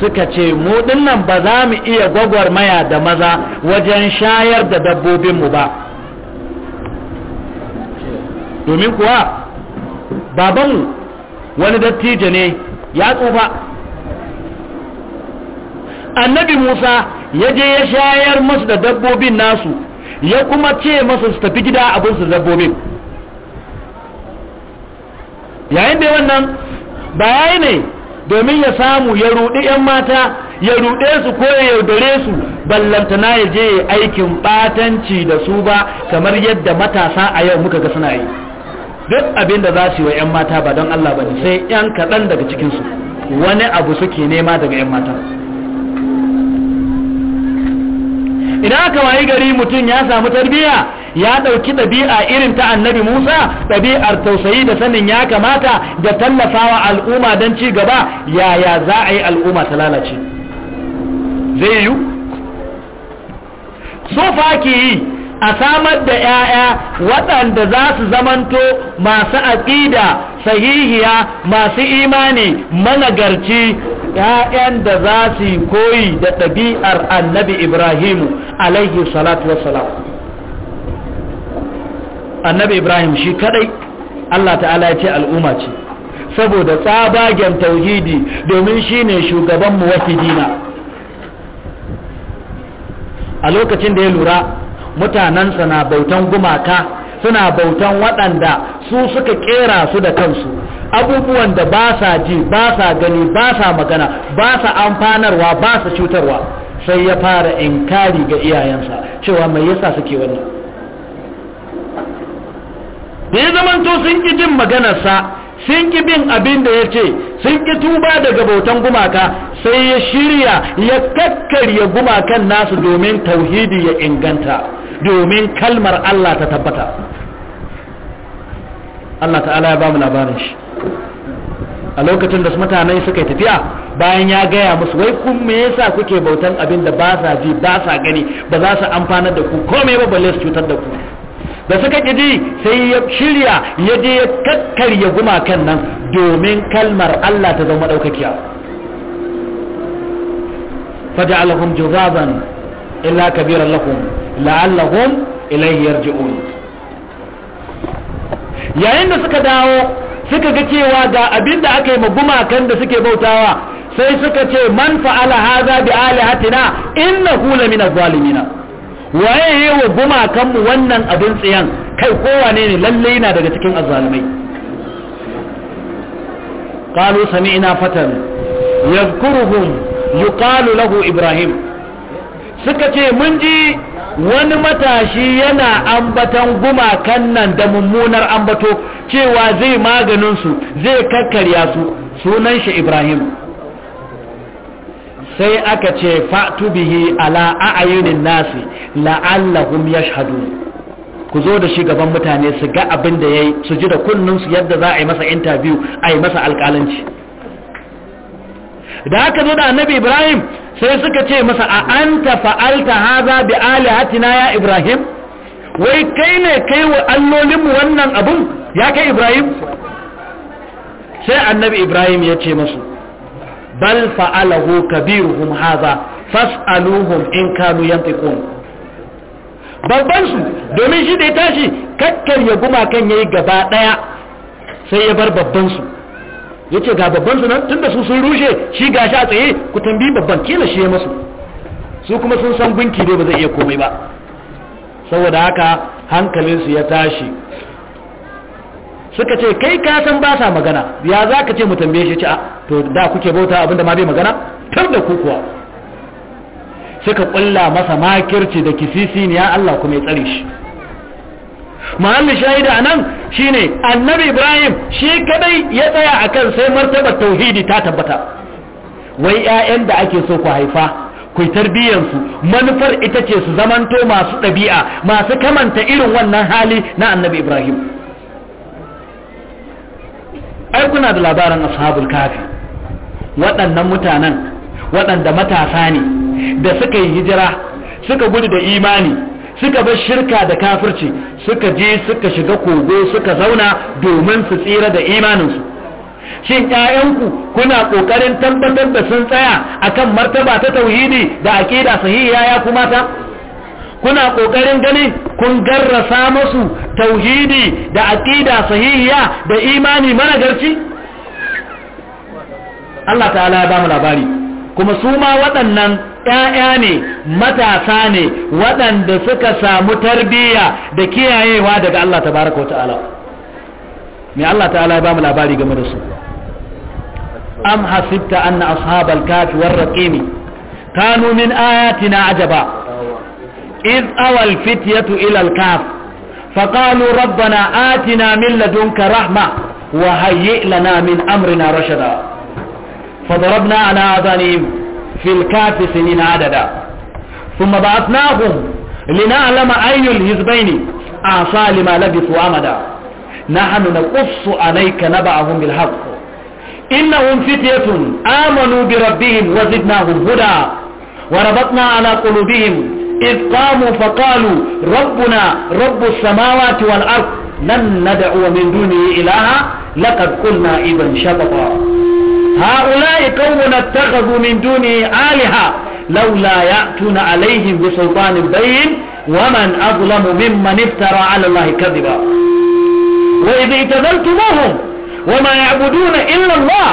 suka ce mu dinnan ba za mu iya gwagwarmaya da maza wajen shayar da dabbobinmu ba domin kuwa babanmu wani dattijo ne ya tsufa annabi musa ya je ya shayar masu da dabbobin nasu ya kuma ce masu su tafi gida abinsu dabbobin yayin da wannan bayani ne domin ya samu ya ruɗi 'yan mata ya ruɗe su ko ya yaudare su ballantana ya je aikin batanci da su ba kamar yadda matasa a yau muka ga suna yi duk abin da za su yi wa 'yan mata ba don Allah ba sai 'yan kaɗan daga cikinsu wani abu suke nema daga 'yan mata idan aka wayi gari mutum ya samu tarbiyya ya ɗauki ɗabi'a irin ta annabi musa ɗabi'ar tausayi da sanin ya kamata da tallafawa al'umma don ci gaba yaya za a yi al'umma ta lalace zai yiwu so fa ke yi a samar da 'ya'ya waɗanda za su zamanto masu aƙida sahihiya masu imani managarci ‘ya'yan da za su koyi da ɗabi'ar annabi Ibrahimu alaihi salatu annabi ibrahim shi kadai allah ta'ala ya ce al'umma ce saboda tsabagen tauhidi domin shi ne shugaban dina, a lokacin da ya lura mutanensa na bautan gumaka suna bautan waɗanda su suka kera su da kansu abubuwan da ba sa ji ba sa gani ba sa magana ba sa amfanarwa ba sa cutarwa sai ya fara inkari ga iyayensa cewa mai yasa suke wannan da ya zamanto sun ƙi jin maganarsa sun ƙi bin abin da ya ce sun ƙi tuba daga bautan gumaka sai ya shirya ya kakkarya gumakan nasu domin tauhidi ya inganta domin kalmar Allah ta tabbata Allah ta'ala ya ba mu labarin shi a lokacin da mutane suka yi tafiya bayan ya gaya musu wai kun me yasa kuke bautan abin da ba sa ji ba sa gani ba za su amfanar da ku komai ba balle su cutar da ku da suka ƙiji sai ya shirya ya je ya kakkarya gumakan nan domin kalmar Allah ta zama ɗaukakiya faja'alahum juzaban illa kabiran lahum la'allahum ilayhi yarji'un yayin da suka dawo suka ga cewa ga abin da aka yi ma gumakan da suke bautawa sai suka ce man fa'ala hadha bi alihatina innahu lamina zalimina waye yi wa gumakanmu wannan abin tsiyan kai kowane ne lalle yana daga cikin Kalu qalu sami'na fatan yadhkuruhum yuqalu lahu ibrahim suka ce mun ji wani matashi yana ambatan gumakan nan da mummunar ambato cewa zai maganin su zai kakkarya su sunan shi ibrahim sai aka ce fa'tu bihi ala a'ayunin nasi la'allahum yashhadu ku zo da shi gaban mutane su ga abin da yayi su ji da kunnun su yadda za a yi masa interview a yi masa alƙalanci da aka zo da annabi Ibrahim sai suka ce masa a anta fa'alta haza bi alihatina ya Ibrahim wai kai ne kai wa mu wannan abun ya kai Ibrahim sai annabi Ibrahim ya ce masu bal fa'alahu kabiruhum hadha fas'aluhum in kanu yantiqun babban su domin shi da ya tashi kakkar ya guma kan yayi gaba daya sai ya bar babban su yace ga babban su nan tunda su sun rushe shi gashi a tsaye ku tambi babban kila shi ya masu su kuma sun san gunki dai ba zai iya komai ba saboda haka hankalinsu ya tashi suka ce kai ka san ba sa magana ya za ka ce mu tambaye shi ce a to da kuke bauta abinda ma bai magana tar da ku kuwa suka kulla masa makirci da kisisi ne ya Allah kuma ya tsare shi mahallin shahida a nan shine annabi ibrahim shi kadai ya tsaya akan sai martabar tauhidi ta tabbata wai 'ya'yan da ake so ku haifa ku tarbiyyansu manufar ita ce su zamanto masu ɗabi'a masu kamanta irin wannan hali na annabi ibrahim ai kuna da labarin ashabul kafi waɗannan mutanen waɗanda matasa ne da suka yi hijira suka gudu da imani suka bar shirka da kafirci suka je suka shiga kogo suka zauna domin su tsira da imaninsu shin ƴaƴanku kuna ƙoƙarin tabbatar da sun tsaya akan martaba ta tauhidi da aƙida sahihiya ya kuma ta kuna kokarin gani kun garrasa musu tauhidi da aqida sahihiya da imani garci? Allah ta'ala ya bamu labari kuma su ma waɗannan ƴaƴa ne matasa ne waɗanda suka samu tarbiyya da kiyayewa daga Allah ta ta'ala mai Allah ta'ala ya bamu labari game da su am hasibta anna ashabal kafi warraqimi kanu min ayatina ajaba إذ أوى الفتية إلى الكاف فقالوا ربنا آتنا من لدنك رحمة وهيئ لنا من أمرنا رشدا فضربنا على آذانهم في الكاف سنين عددا ثم بعثناهم لنعلم أي الهزبين أعصى لما لبثوا أمدا نحن نقص عليك نبعهم بالحق إنهم فتية آمنوا بربهم وزدناهم هدى وربطنا على قلوبهم إذ قاموا فقالوا ربنا رب السماوات والأرض لن ندعو من دونه إلها لقد قلنا إذا شططا هؤلاء قوم اتخذوا من دونه آلهة لولا يأتون عليهم بسلطان بين ومن أظلم ممن افترى على الله كذبا وإذ اعتزلتموهم وما يعبدون إلا الله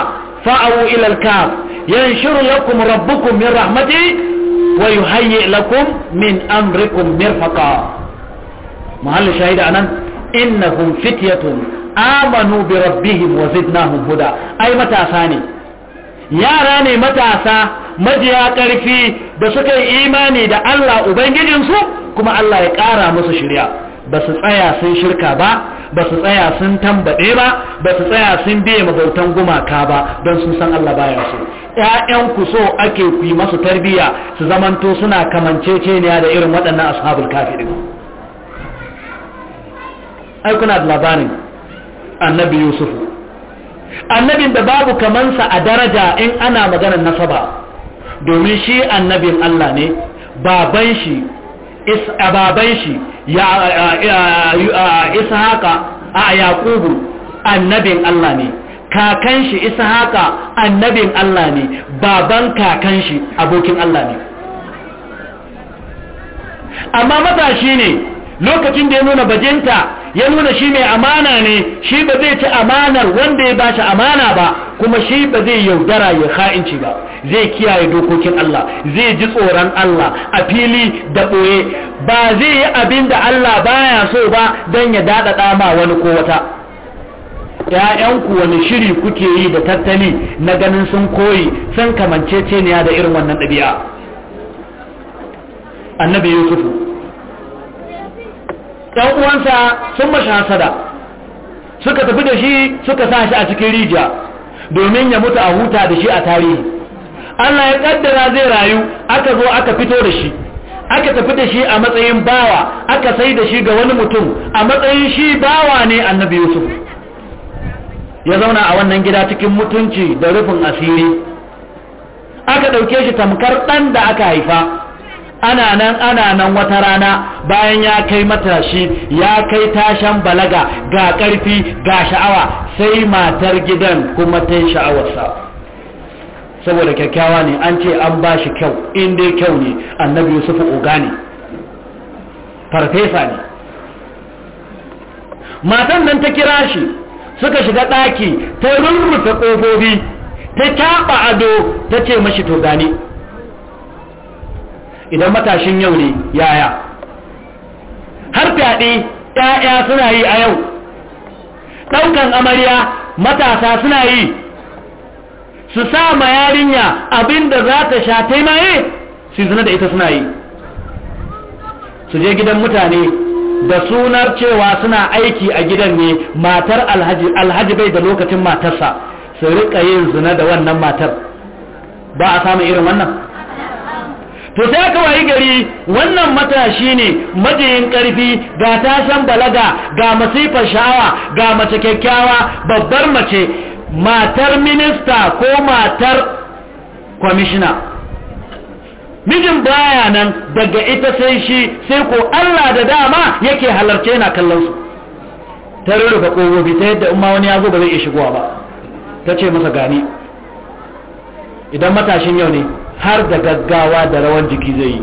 فأووا إلى الكاف ينشر لكم ربكم من رحمته wa yuhayyi lakum min amrikum mirfaqa mahall shahida anan innahum fityatun amanu bi rabbihim wa zidnahum huda ai matasa ne yara ne matasa majiya karfi da suka yi imani da Allah ubangijinsu kuma Allah ya kara musu shirya ba su tsaya sun shirka ba ba su tsaya sun tambaɗe ba ba su tsaya sun biye mabautan gumaka ba don sun san Allah baya su. ƴaƴan ku so ake ku yi masu tarbiyya su zamanto suna kamanceceniya da irin waɗannan ashabul kafirin ai kuna da labarin annabi yusuf annabin da babu kamansa a daraja in ana maganar nasaba domin shi annabin Allah ne baban shi baban shi ya ishaqa a yaqubu annabin Allah ne kakan shi ishaqa annabin Allah ne baban kakan shi abokin Allah ne amma matashi ne lokacin da ya nuna bajinta ya nuna shi mai amana ne shi ba zai ci amanar wanda ya ba shi amana ba kuma shi ba zai yaudara ya ha'inci ba zai kiyaye dokokin Allah zai ji tsoron Allah a fili da ɓoye ba zai yi abin da Allah baya so ba don ya daɗaɗa ma wani ko wata ‘ya'yanku wani shiri kuke yi da tattali na ganin sun koyi sun kamanceceniya da irin wannan ɗabi'a annabi yusufu ɗan uwansa sun mashi hasada suka tafi da shi suka sa shi a cikin rijiya domin ya mutu a huta da shi a tarihi Allah ya kaddara zai rayu aka zo aka fito da shi aka tafi da shi a matsayin bawa aka sai da shi ga wani mutum a matsayin shi bawa ne annabi yusuf ya zauna a wannan gida cikin mutunci da rufin asiri aka ɗauke shi tamkar ɗan da aka haifa ana nan ana nan wata rana bayan ya kai matashi ya kai tashan balaga ga ƙarfi ga sha'awa sai matar gidan kuma ta sha'awarsa saboda kyakkyawa ne an ce an ba shi kyau in dai kyau ne annabi yusufu uga ne farfesa ne matan nan ta kira shi suka shiga ɗaki ta rurrufe ƙofofi ta caɓa ado ta ce mashi to gani idan matashin yau ne yaya har fyaɗe ɗaya suna yi a yau ɗaukan amarya matasa suna yi su sa ma yarinya abinda za ta sha taimaye su zina da ita suna yi su je gidan mutane da sunar cewa suna aiki a gidan ne matar alhaji alhaji bai da lokacin matarsa su riƙa yin zina da wannan matar ba a samun irin wannan to sai aka wayi gari wannan matashi ne majiyin karfi ga tashan balaga ga masifar sha'awa ga mace kyakkyawa babbar mace matar minista ko matar kwamishina mijin baya nan daga ita sai shi sai ko Allah da dama yake halarce na kallon su ta rurrufe kogobi ta yadda umma wani ya zo ba zai iya shigowa ba ta ce masa gani idan matashin yau ne har da gaggawa da rawan jiki zai yi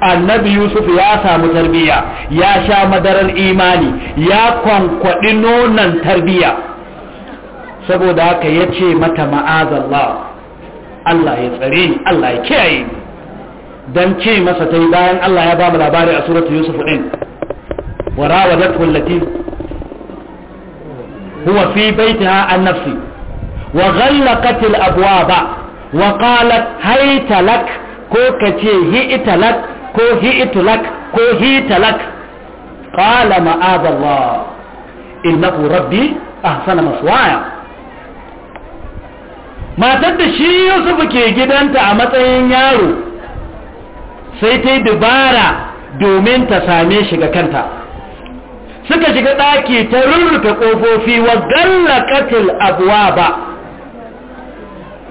annabi yusuf ya samu tarbiya ya sha madarar imani ya kwankwaɗi nonon tarbiya saboda haka ya ce mata ma'azallah Allah ya tsare ni Allah ya kiyaye ni don ce masa ta yi bayan Allah ya ba mu labari a suratu yusuf ɗin wa rawadat wallati huwa fi baitiha an nafsi wa ghallaqat al abwaba wa qalat haytalak ko kace hi italak ko hi ko hi talak qala Ina innahu rabbi ahsana maswaya matar da shi Yusuf ke gidanta a matsayin yaro sai ta yi dubara domin ta same shi ga kanta suka shiga ɗaki ta rurrufe ƙofofi wa gallakatil abuwa ba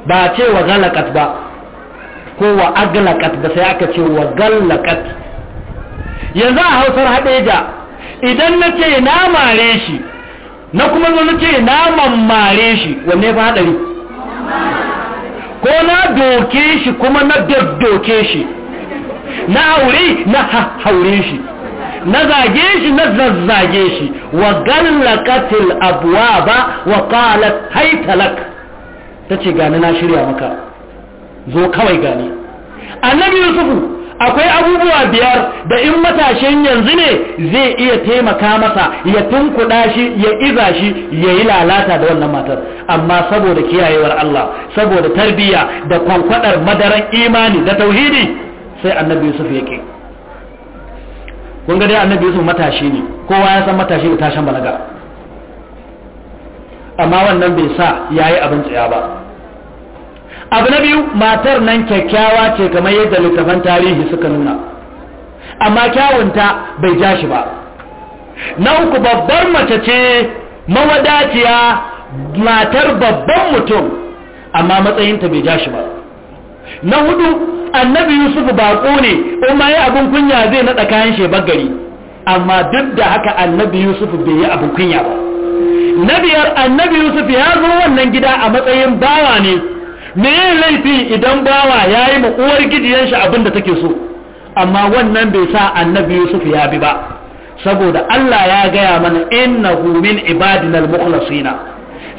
ba ce wa galakat ba ko wa agalakat ba sai aka ce wa galakat yanzu a hausar haɗeja idan na ce na mare shi na kuma zo na ce na mammare shi wanne ba haɗari ko na doke shi kuma na doke shi na aure na haure shi na zage shi na zazzage shi wa gallakatil abuwa ba wa kalat haitalaka ta ce gani na shirya maka zo kawai gani annabi yusufu akwai abubuwa biyar da in matashin yanzu ne zai iya taimaka masa ya tunkuɗa shi ya iza shi ya yi lalata da wannan matar amma saboda kiyayewar Allah saboda tarbiyya da kwankwadar madaran imani da tauhidi sai annabi yusuf yake kun ga dai annabi yusuf matashi ne kowa ya san matashi da tashin balaga amma wannan bai sa ya yi abin tsaya ba abu na biyu matar nan kyakkyawa ce kamar yadda littafan tarihi suka nuna amma kyawunta bai ja shi ba na uku babbar mace ce mawadaciya matar babban mutum amma matsayinta bai ja shi ba na hudu annabi yusuf baƙo ne in ma yi abin kunya zai naɗa kayan shebar gari amma duk da haka annabi yusuf bai yi abin kunya ba na biyar annabi yusuf ya zo wannan gida a matsayin bawa ne me yin laifi idan bawa ya yi uwar gidiyan shi abin da take so amma wannan bai sa annabi yusuf ya bi ba saboda allah ya gaya mana innahu min ibadinal mukhlasina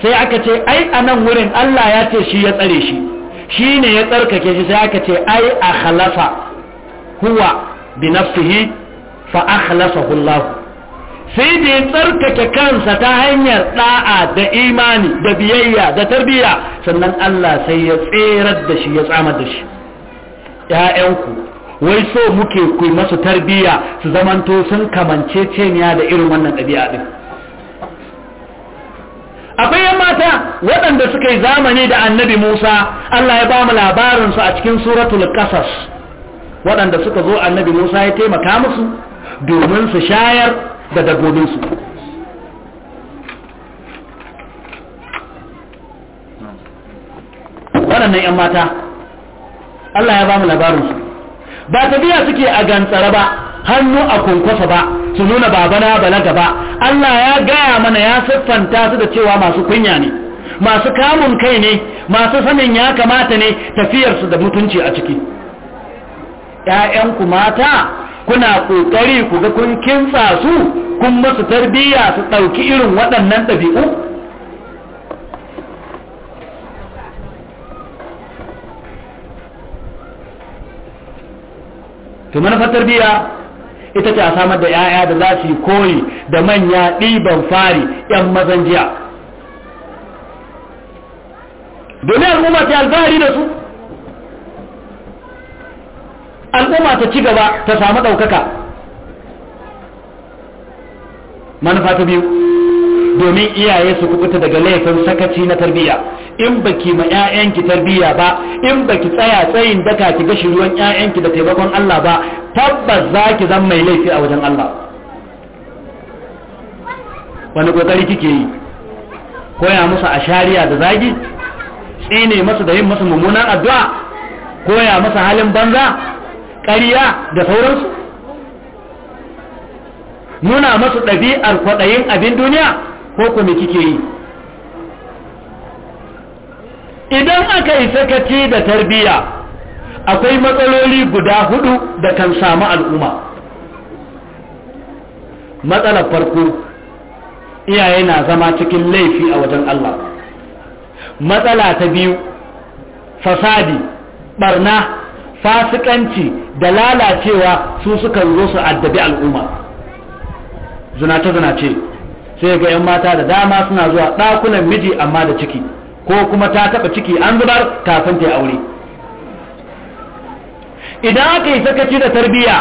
sai aka ce ai a nan wurin allah ya ce shi ya tsare shi shi ne ya tsarkake shi sai aka ce ai a halafa huwa bi nafsihi fa akhlasahu allah sai da ya tsarkake kansa ta hanyar da'a da imani da biyayya da tarbiyya sannan Allah sai ya tserar da shi ya tsamar da shi ‘ya'yanku wai so muke kui masu tarbiyya su zamanto sun kamance ceniya da irin wannan ɗabi'a ɗin akwai yan mata waɗanda suka yi zamani da annabi musa Allah ya ba mu labarinsu a cikin suratul kasas waɗanda suka zo annabi musa ya taimaka musu domin su shayar da dabbobinsu waɗannan 'yan mata Allah ya ba mu labarinsu ba tafiya suke a gantsara ba hannu a kunkwasa ba su nuna babana balaga ba Allah ya gaya mana ya siffanta su da cewa masu kunya ne masu kamun kai ne masu sanin ya kamata ne tafiyarsu da mutunci a ciki ‘ya'yanku mata kuna kokari ku ga kun kinsa su kun masu tarbiyya su ɗauki irin waɗannan ɗabi'u to manufar tarbiyya ita ce a samar da 'ya'ya da za su yi koyi da manya ɗiban fari 'yan mazan jiya domin al'umma ta albari da su al'umma ta ci gaba ta samu ɗaukaka manufa ta biyu domin iyaye su kubuta daga laifin sakaci na tarbiyya in baki ma 'ya'yanki tarbiyya ba in baki tsaya tsayin daka ki ga shiruwan 'ya'yanki da taimakon Allah ba tabbas za ki zan mai laifi a wajen Allah wani kokari kike yi koya musu a shari'a da zagi tsine masu da yin masu mummunan addu'a koya masa halin banza Ƙariya da sauransu nuna masu ɗabi'ar kwaɗayin abin duniya ko kuma kike yi idan aka isa kati da tarbiyya akwai matsaloli guda hudu da kan samu al'umma matsalar farko iyaye na zama cikin laifi a wajen Allah matsala ta biyu fasadi barna fasikanci da lalacewa su sukan zo su addabi al'umma ta zuna ce, sai ga 'yan mata da dama suna zuwa ɗakunan miji amma da ciki ko kuma ta taɓa ciki an zubar kafin ta yi aure idan aka yi sakaci da tarbiyya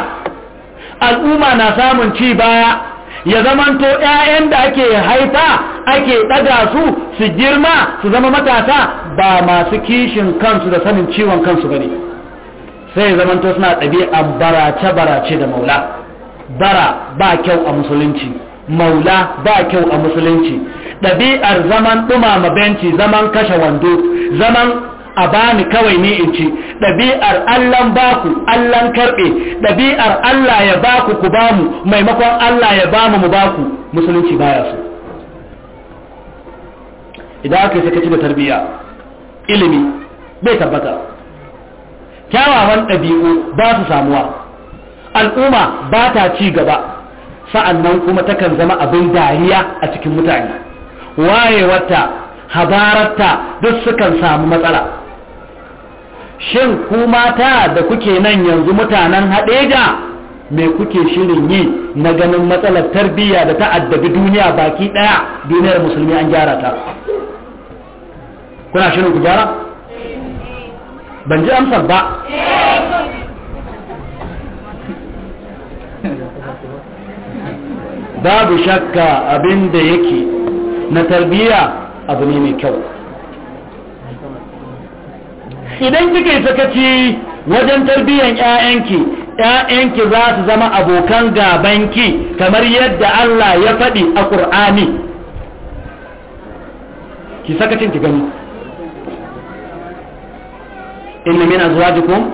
al'umma na samun ci baya ya zamanto 'ya'yan da ake haifa ake ɗaga su su girma su zama matasa ba masu kishin kansu da sanin ciwon kansu ba ne sai ya zamanto suna ɗabi'an barace-barace da maula bara ba kyau a musulunci maula ba kyau a musulunci ɗabi'ar zaman ɗumama benci zaman kashe wando zaman a bani kawai ni in ci ɗabi'ar allan baku allan karɓe ɗabi'ar allah ya baku ku bamu maimakon allah ya bamu mu baku musulunci baya su idan aka yi sakaci da tarbiyya ilimi bai tabbata kyawawan ɗabi'u ba su samuwa al'umma ba ta ci gaba sa'annan kuma takan zama abin dariya a cikin mutane wayewarta habararta duk sukan samu matsala shin ku mata da kuke nan yanzu mutanen haɗeja me kuke shirin yi na ganin matsalar tarbiyya da ta addabi duniya baki ɗaya duniyar musulmi an gyara ta kuna shirin ku gyara ban ji amsar ba babu shakka abin da yake na tarbiyya abu ne mai kyau idan kike yi sakaci wajen tarbiyyan 'ya'yanki ‘ya'yanki za su zama abokan gabanki kamar yadda Allah ya faɗi a ƙur'ani ki sakacin ki gani إن من أزواجكم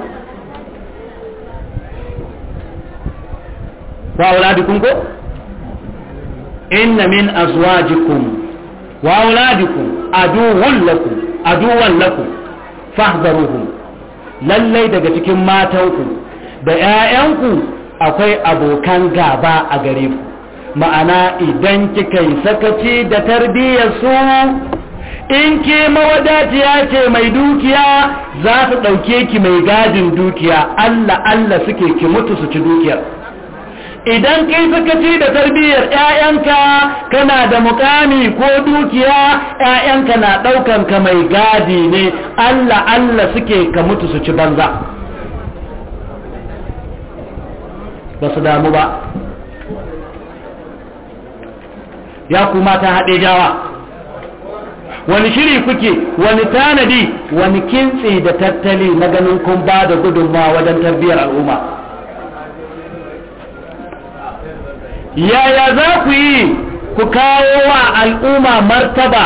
وأولادكم إن من أزواجكم وأولادكم عدوا لكم عدوا لكم فاحذروهم lallai daga cikin matanku da 'ya'yanku akwai abokan gaba a gare ku ma'ana idan kika yi sakaci da tarbiyyar su in ke mawadaciya ce mai dukiya za su ɗauke ki mai gadin dukiya Allah Allah suke ki mutu su ci dukiyar idan kai ci da tarbiyyar 'ya'yanka kana da mukami ko dukiya 'ya'yanka na ɗaukan ka mai gadi ne Allah Allah suke ka mutu su ci banza ba su damu ba ya kuma ta haɗe jawa wani shiri kuke wani tanadi wani kintsi da tattali na ganin kun ba da gudunmawa wajen tarbiyyar al'umma yaya za ku yi ku kawo wa al'umma martaba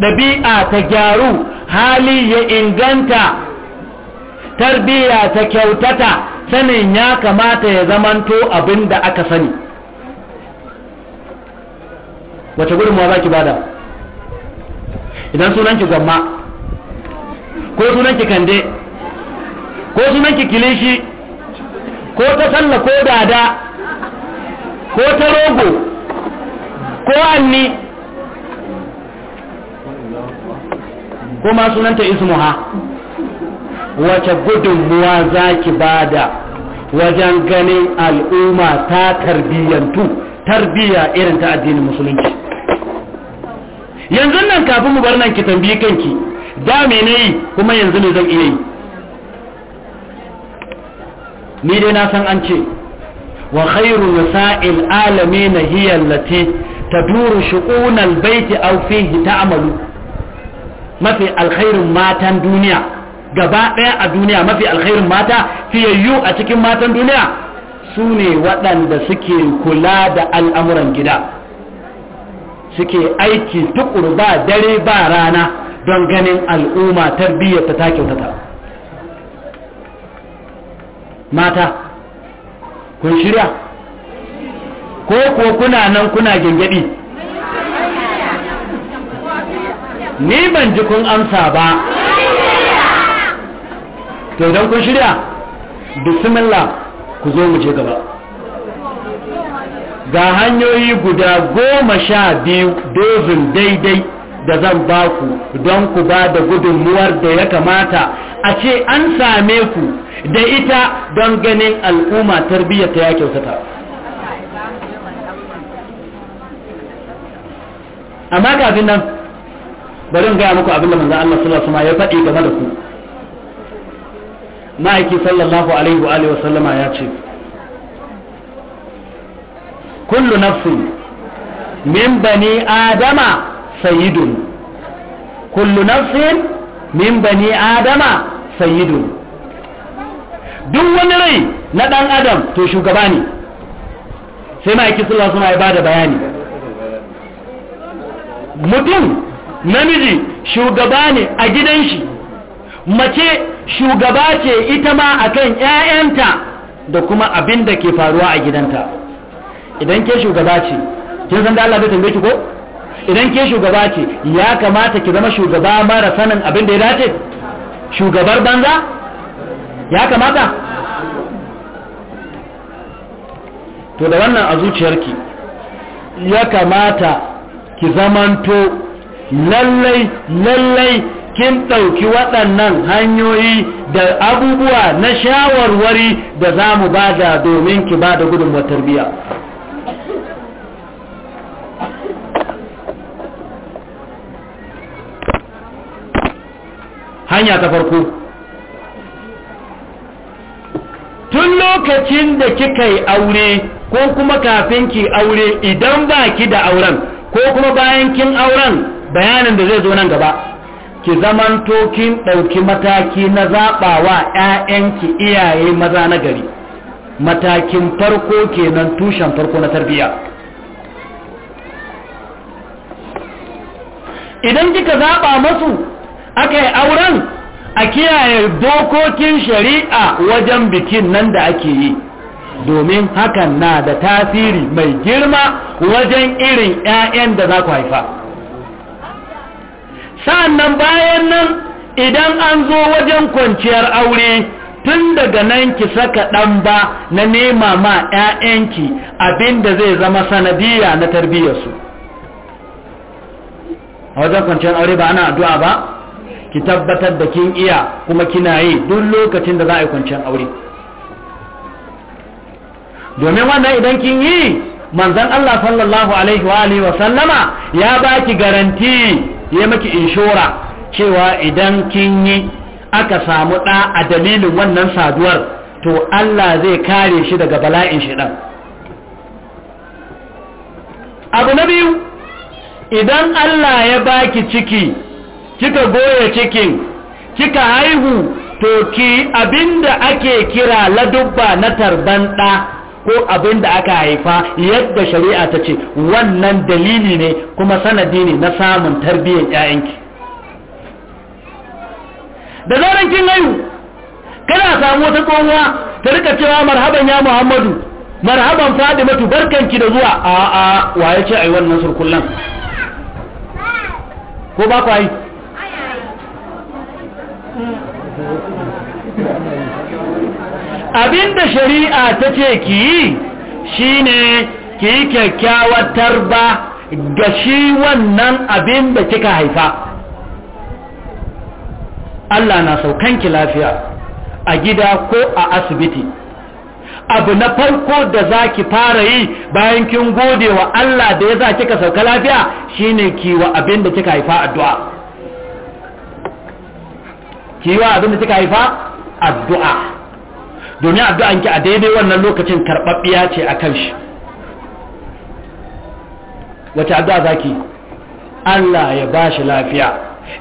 ɗabi'a ta gyaru hali ya inganta tarbiyya ta kyautata sanin ya kamata ya zamanto abin da aka sani wace gudunmawa za ki bada idan sunan ki gamma ko sunan ki kande ko sunan ki kilishi ko ta Sallah ko dada ko ta rogo ko anni ko ma sunanta ismuha wace gudunmuwa za ki bada wajen ganin al'umma ta tarbiyyantu tarbiyya irin ta addinin musulunci yanzu nan kafin mu bar nan ki tambayi kanki da me ne yi kuma yanzu ne zan iya yi ni dai na san an ce wa khairu na alamin hiya allati taduru shu'un albayt aw fihi ta'malu mafi alkhairin matan duniya gaba daya a duniya mafi alkhairin mata fiyayyu a cikin matan duniya su ne waɗanda suke kula da al'amuran gida suke aiki tukuru ba dare ba rana don ganin al'umma tarbiyyar ta kyautata mata kun shirya ko ko kuna nan kuna gengedi ni ban ji kun amsa ba to don kun shirya bismillah ku zo mu je gaba ga hanyoyi guda goma sha biyu dozin daidai da zan ba ku don ku ba da gudunmuwar da ya kamata a ce an same ku da ita don ganin al'umma ta ya kyautata amma kafin nan bari gaya muku abin da manza Allah sallallahu alaihi ya faɗi game da ku ma'aiki sallallahu alaihi wa sallama ya ce kullu nafsin min bani adama sayyidun kullu nafsin min bani adama sayyidun duk wani rai na dan adam to shugaba ne sai ma'aiki sallah suna ba da bayani mutum namiji shugaba ne a gidan shi mace shugaba ce ita ma akan 'ya'yanta da kuma abin da ke faruwa a gidanta idan ke shugaba ce kin san da Allah zai tambaye ki ko idan ke shugaba ce ya kamata ki zama shugaba mara sanin abin da ya dace shugabar banza ya kamata to da wannan a zuciyarki ya kamata ki zamanto lallai lallai kin ɗauki waɗannan hanyoyi da abubuwa na shawarwari da za mu ba domin ki ba da gudunmuwar tarbiyya hanya ta farko tun lokacin da kika yi aure ko kuma kafin ki aure idan ba ki da auren ko kuma bayan kin auren bayanin da zai zo nan gaba ki zamanto kin ɗauki mataki na zaɓawa 'ya'yanki iyaye maza na gari matakin farko kenan tushen farko na tarbiyya idan kika zaɓa masu aka yi auren a kiyaye dokokin shari'a wajen bikin nan da ake yi domin hakan na da tasiri mai girma wajen irin 'ya'yan da za ku haifa sa'annan bayan nan idan an zo wajen kwanciyar aure tun daga nan ki saka ɗan ba na nema ma 'ya'yanki abinda zai zama sanadiyya na tarbiyyarsu a wajen kwanciyar aure ba ana addu'a ba ki tabbatar da kin iya kuma kina yi duk lokacin da za a yi kwanciyar aure domin wannan idan kin yi manzan Allah sallallahu alaihi wa alihi wa sallama ya baki garanti ya maki inshora cewa idan kin yi aka samu ɗa a dalilin wannan saduwar to Allah zai kare shi daga bala'in shi ɗan. abu na biyu idan Allah ya baki ciki kika goya cikin kika haihu to ki abinda ake kira ladubba na tarban ɗa ko abinda aka haifa yadda shari'a ta ce wannan dalili ne kuma sanadi ne na samun tarbiyyar ƴaƴanki da zaran kin haihu kana samu wata tsohuwa ta rika cewa marhaban ya Muhammadu marhaban Fadimatu barkanki da zuwa a a waye ce ai wannan surkullan ko ba ku abinda shari'a ta ce ki yi shi ne ki yi kyakkyawar tarba ga shi wannan abin da kika haifa Allah na saukanki lafiya a gida ko a asibiti abu na farko da za ki fara yi bayan kin gode wa Allah da ya za kika sauka lafiya shine ki wa abin da kika haifa addu'a ki yi wa abin da suka haifa addu'a domin addu'an ki a daidai wannan lokacin karɓaɓɓiya ce a kan shi wace addu'a zaki Allah ya ba shi lafiya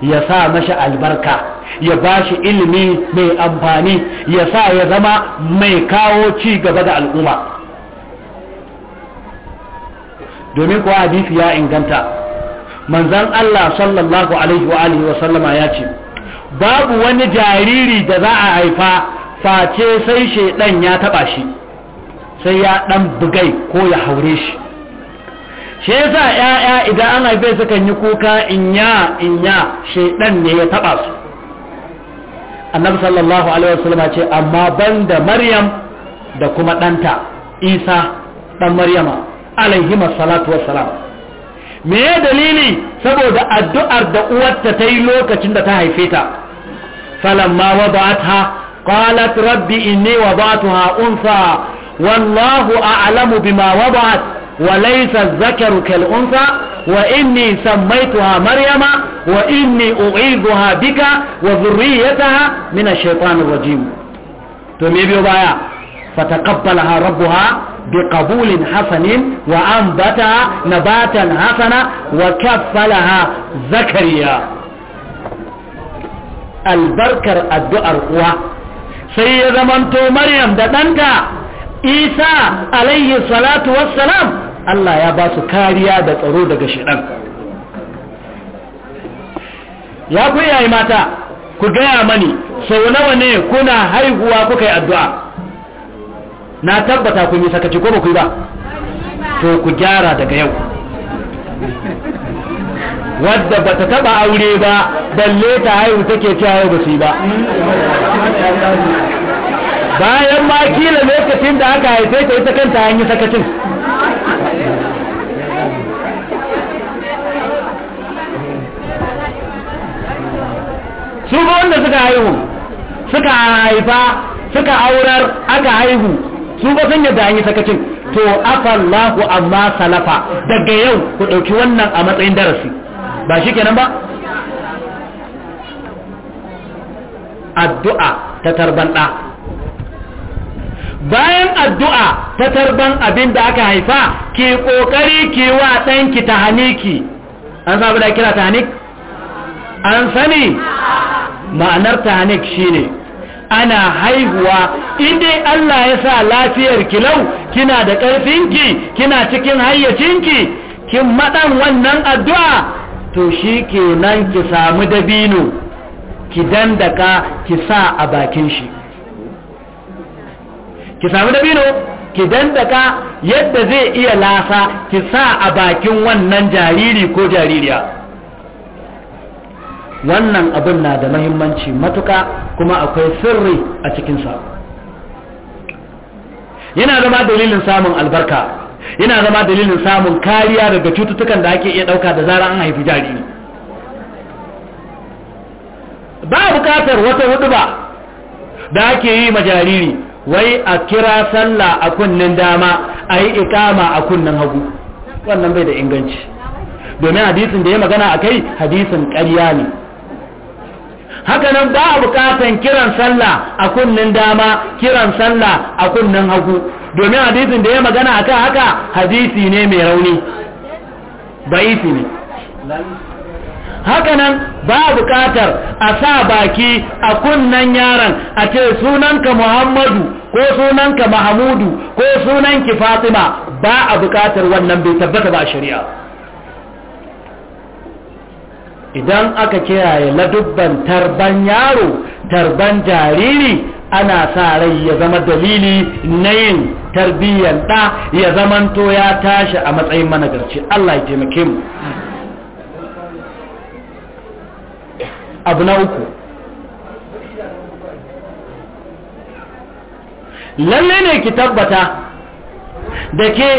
ya sa mashi albarka ya ba shi ilimi mai amfani ya sa ya zama mai kawo ci gaba da al'umma domin kuwa hadisi ya inganta manzan Allah sallallahu alaihi wa sallama ya ce babu wani jariri da za a haifa face sai shaidan ya taba shi sai ya dan bugai ko ya haure shi shi yasa ƴaƴa idan an haife su kan yi kuka inya inya shaidan ne ya taba su annabi sallallahu alaihi wasallam ce amma banda maryam da kuma danta isa dan maryama alaihi salatu wassalam me ya dalili saboda addu'ar da uwarta ta yi lokacin da ta haife ta falamma wada'atha qalat rabbi inni wada'tuha unsa wallahu a'lamu bima wada'at wa laysa adh-dhakaru kal unsa wa inni sammaytuha maryama wa inni u'idhuha bika wa dhurriyyataha min ash-shaytanir rajim to me biyo baya fataqabbalaha rabbuha بقبول حسن وأنبتها نباتا حسنا وكفلها زكريا البركر الدعاء سيد من تو مريم دانك عيسى عليه الصلاة والسلام الله يا باسو كاريا دا tsaro daga shedan ya ku yayi mata ku gaya mani sau nawa ne kuna haihuwa kuka yi addu'a na tabbata kun yi sakaci ko ba ku yi ba to ku gyara daga yau wadda ba ta taba aure ba balle ta haihu take cewa haihu ba su yi ba bayan ma kila lokacin da aka haife ta ita kanta an yi sakacin su wanda suka haihu suka haifa suka aurar aka haihu su ba sun yadda an yi sakacin to afallahu amma salafa daga yau ku ɗauki wannan a matsayin darasi ba shi kenan ba addu'a ta tarban ɗa bayan addu'a ta tarban abin da aka haifa ki ƙoƙari ki wa ɗanki ta haniki an sabu da kira ta hanik an sani ma'anar ta hanik shine ana haihuwa inda Allah ya sa lafiyar lau kina da ƙarfinki kina cikin hayyacinki kin maɗan wannan addu'a to shi ke nan ki samu dabino ki dandaka ki sa a bakin shi ki samu dabino ki dandaka yadda zai iya lasa ki sa a bakin wannan jariri ko jaririya wannan abin na da mahimmanci matuka kuma akwai sirri a cikinsa yana zama dalilin samun albarka yana zama dalilin samun kariya daga cututtukan da ake iya ɗauka da zarar an haifi jariri ba bukatar wata ba. da ake yi ma jariri wai a kira sallah a kunnen dama a yi ikama a kunnen hagu wannan bai da inganci domin hadisin da ya magana a kai hadisin ƙarya ne haka nan ba a bukatan kiran sallah a kunnen dama kiran sallah a kunnen hagu domin hadisin da ya magana akan haka hadisi ne mai rauni ba'isi ne haka nan ba a bukatar a sa baki a kunnen yaran a ce sunanka muhammadu ko sunanka mahamudu ko sunanki fatima ba a bukatar wannan bai tabbata ba shari'a idan aka kiyaye ladubban tarban yaro tarban jariri ana sa rai ya zama dalili na yin tarbiyyar ɗa ya zamanto ya tashi a matsayin managarci Allah ya taimake mu abu na uku lalle ne ki tabbata da ke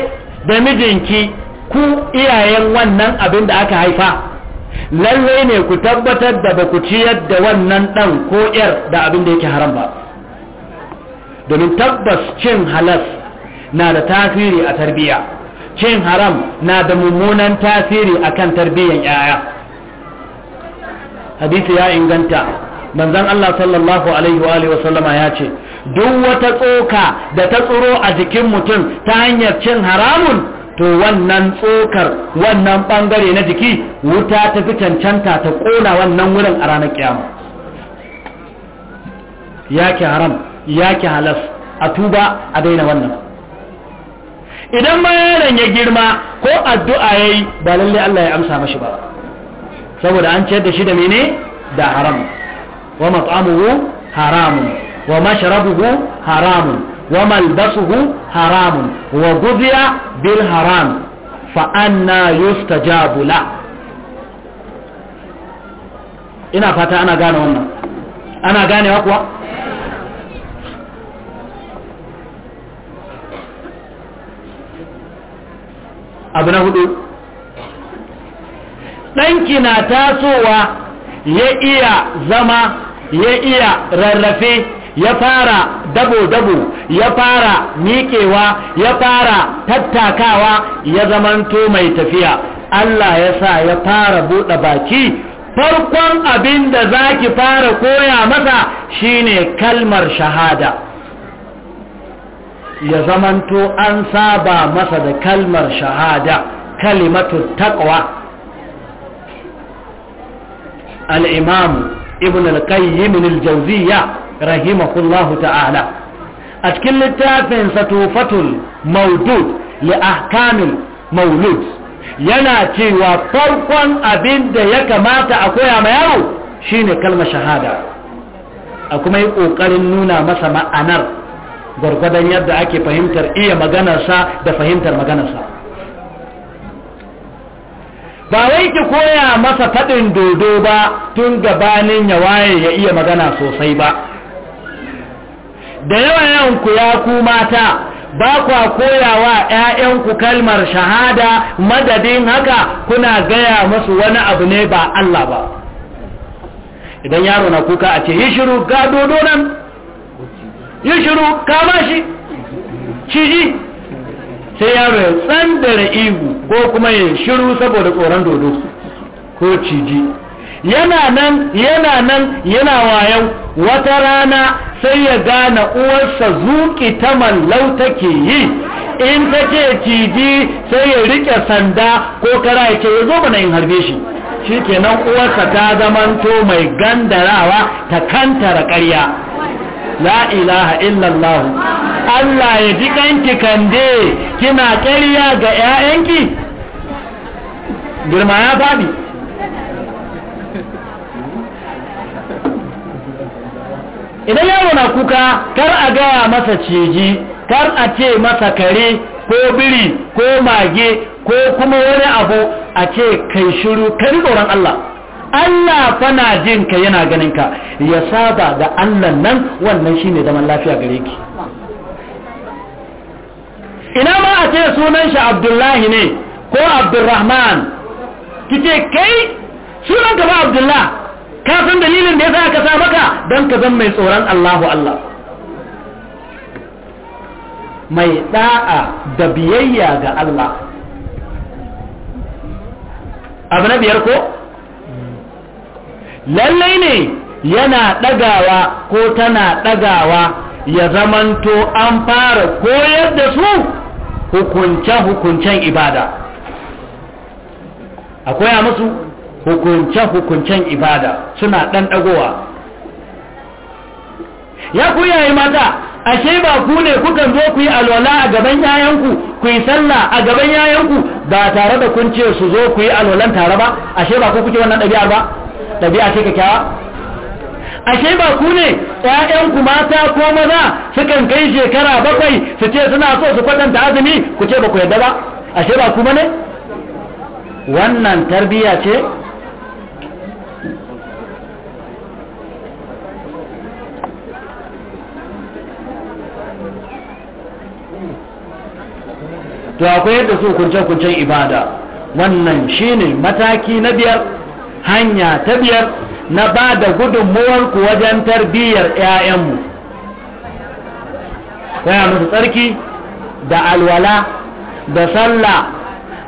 da mijinki ku iyayen wannan abin da aka haifa lallai ne ku tabbatar da ba ku ciyar da wannan ɗan ko ƴar da abin da yake haram ba domin tabbas cin halas na da tasiri a tarbiyya cin haram na da mummunan tasiri akan tarbiyyan yaya hadisi ya inganta manzon Allah sallallahu alaihi wa alihi wasallama ya ce duk wata tsoka da ta tsoro a jikin mutum ta hanyar cin haramun to wannan tsokar wannan bangare na jiki wuta ta fi cancanta ta kona wannan wurin a ranar Ya yake haram ya yake halas a tuba a daina wannan idan bayanan ya girma ko addu'a ya yi, ba lalle Allah ya amsa mashi ba saboda an ciyar da shi da mene da haram wa matsamuhu haramun wa mashrabuhu haramun wa malbasuhu haramun wa gudiya bil haram fa anna yustajabu la ina fata ana gane wannan ana ganewa kuwa ɗanki na tasowa ya iya zama ya iya rarrafe ya fara dabo-dabo ya fara miƙewa ya fara tattakawa ya zamanto mai tafiya Allah ya sa ya fara buɗe baki farkon abin da za ki fara koya masa shine kalmar shahada ya zamanto an saba masa da kalmar shahada kalimatu taqwa al-imam ibn al-qayyim al-jawziyya rahimahullahu ta'ala a cikin littafin satufatul maudud li ahkamil maulud yana cewa farkon abin da ya kamata a koya ma yaro shine kalmar shahada a kuma yi ƙoƙarin nuna masa ma'anar gwargwadon yadda ake fahimtar iya maganarsa da fahimtar maganarsa ba wai ki koya masa faɗin dodo ba tun gabanin ya waye ya iya magana sosai ba da yawa ku ya ku mata ba kwa koyawa ‘ya'yanku kalmar shahada madadin haka kuna gaya musu wani abu ne ba Allah ba idan yaro na kuka a ce yi shiru ga dodo nan yi shiru kama shi ciji sai yaro ya tsandara ihu ko kuma ya shiru saboda tsoron dodo ko ciji yana nan yana nan yana wayan wata rana sai ya gane uwarsa zuƙi ta mallau take yi in ta ce ciji sai ya riƙe sanda ko kara ya ce ya zo bana in harbe shi shi kenan uwarsa ta zamanto mai gandarawa ta kantara karya. la ilaha illallah Allah ya ji kanki kande kina karya ga 'ya'yanki girma ya faɗi idan yaro na kuka kar a gaya masa ceji kar a ce masa kare ko biri ko mage ko kuma wani abu a ce kai shiru kari tsoron Allah Allah fana jin ka yana ganin ka ya saba da Allah nan wannan shine zaman lafiya gare ki ina ma a ce sunan shi Abdullahi ne ko Abdulrahman kike kai sunan ka ba Abdullah ka san dalilin da yasa aka sa maka dan ka zan mai tsoron Allahu Allah mai da'a da biyayya ga Allah abu na biyar ko lallai ne yana ɗagawa ko tana ɗagawa ya zamanto an fara koyar da su hukunce-hukuncen ibada Akwai a musu hukunce-hukuncen ibada suna ɗanɗagowa. ya ku yayi mata ashe ba ku ne kukan zo ku yi alwala a gaban yayanku ku yi sallah a gaban yayanku ba tare da kun ce su zo ku yi alwalan tare ba ashe ba ku kuke wannan ɗabi'ar ba ɗabi'a ce kyakkyawa ashe ba ku ne ‘ya'yanku mata ko maza sukan kai shekara bakwai su ce suna so su kwatanta azumi ku ce ba ku yadda ba ashe ba ku ne? wannan tarbiyya ce to akwai yadda su kunce-kuncen ibada wannan shine mataki na biyar hanya ta biyar na ba da ku wajen tarbiyyar 'ya'yanmu koya musu tsarki da alwala da sallah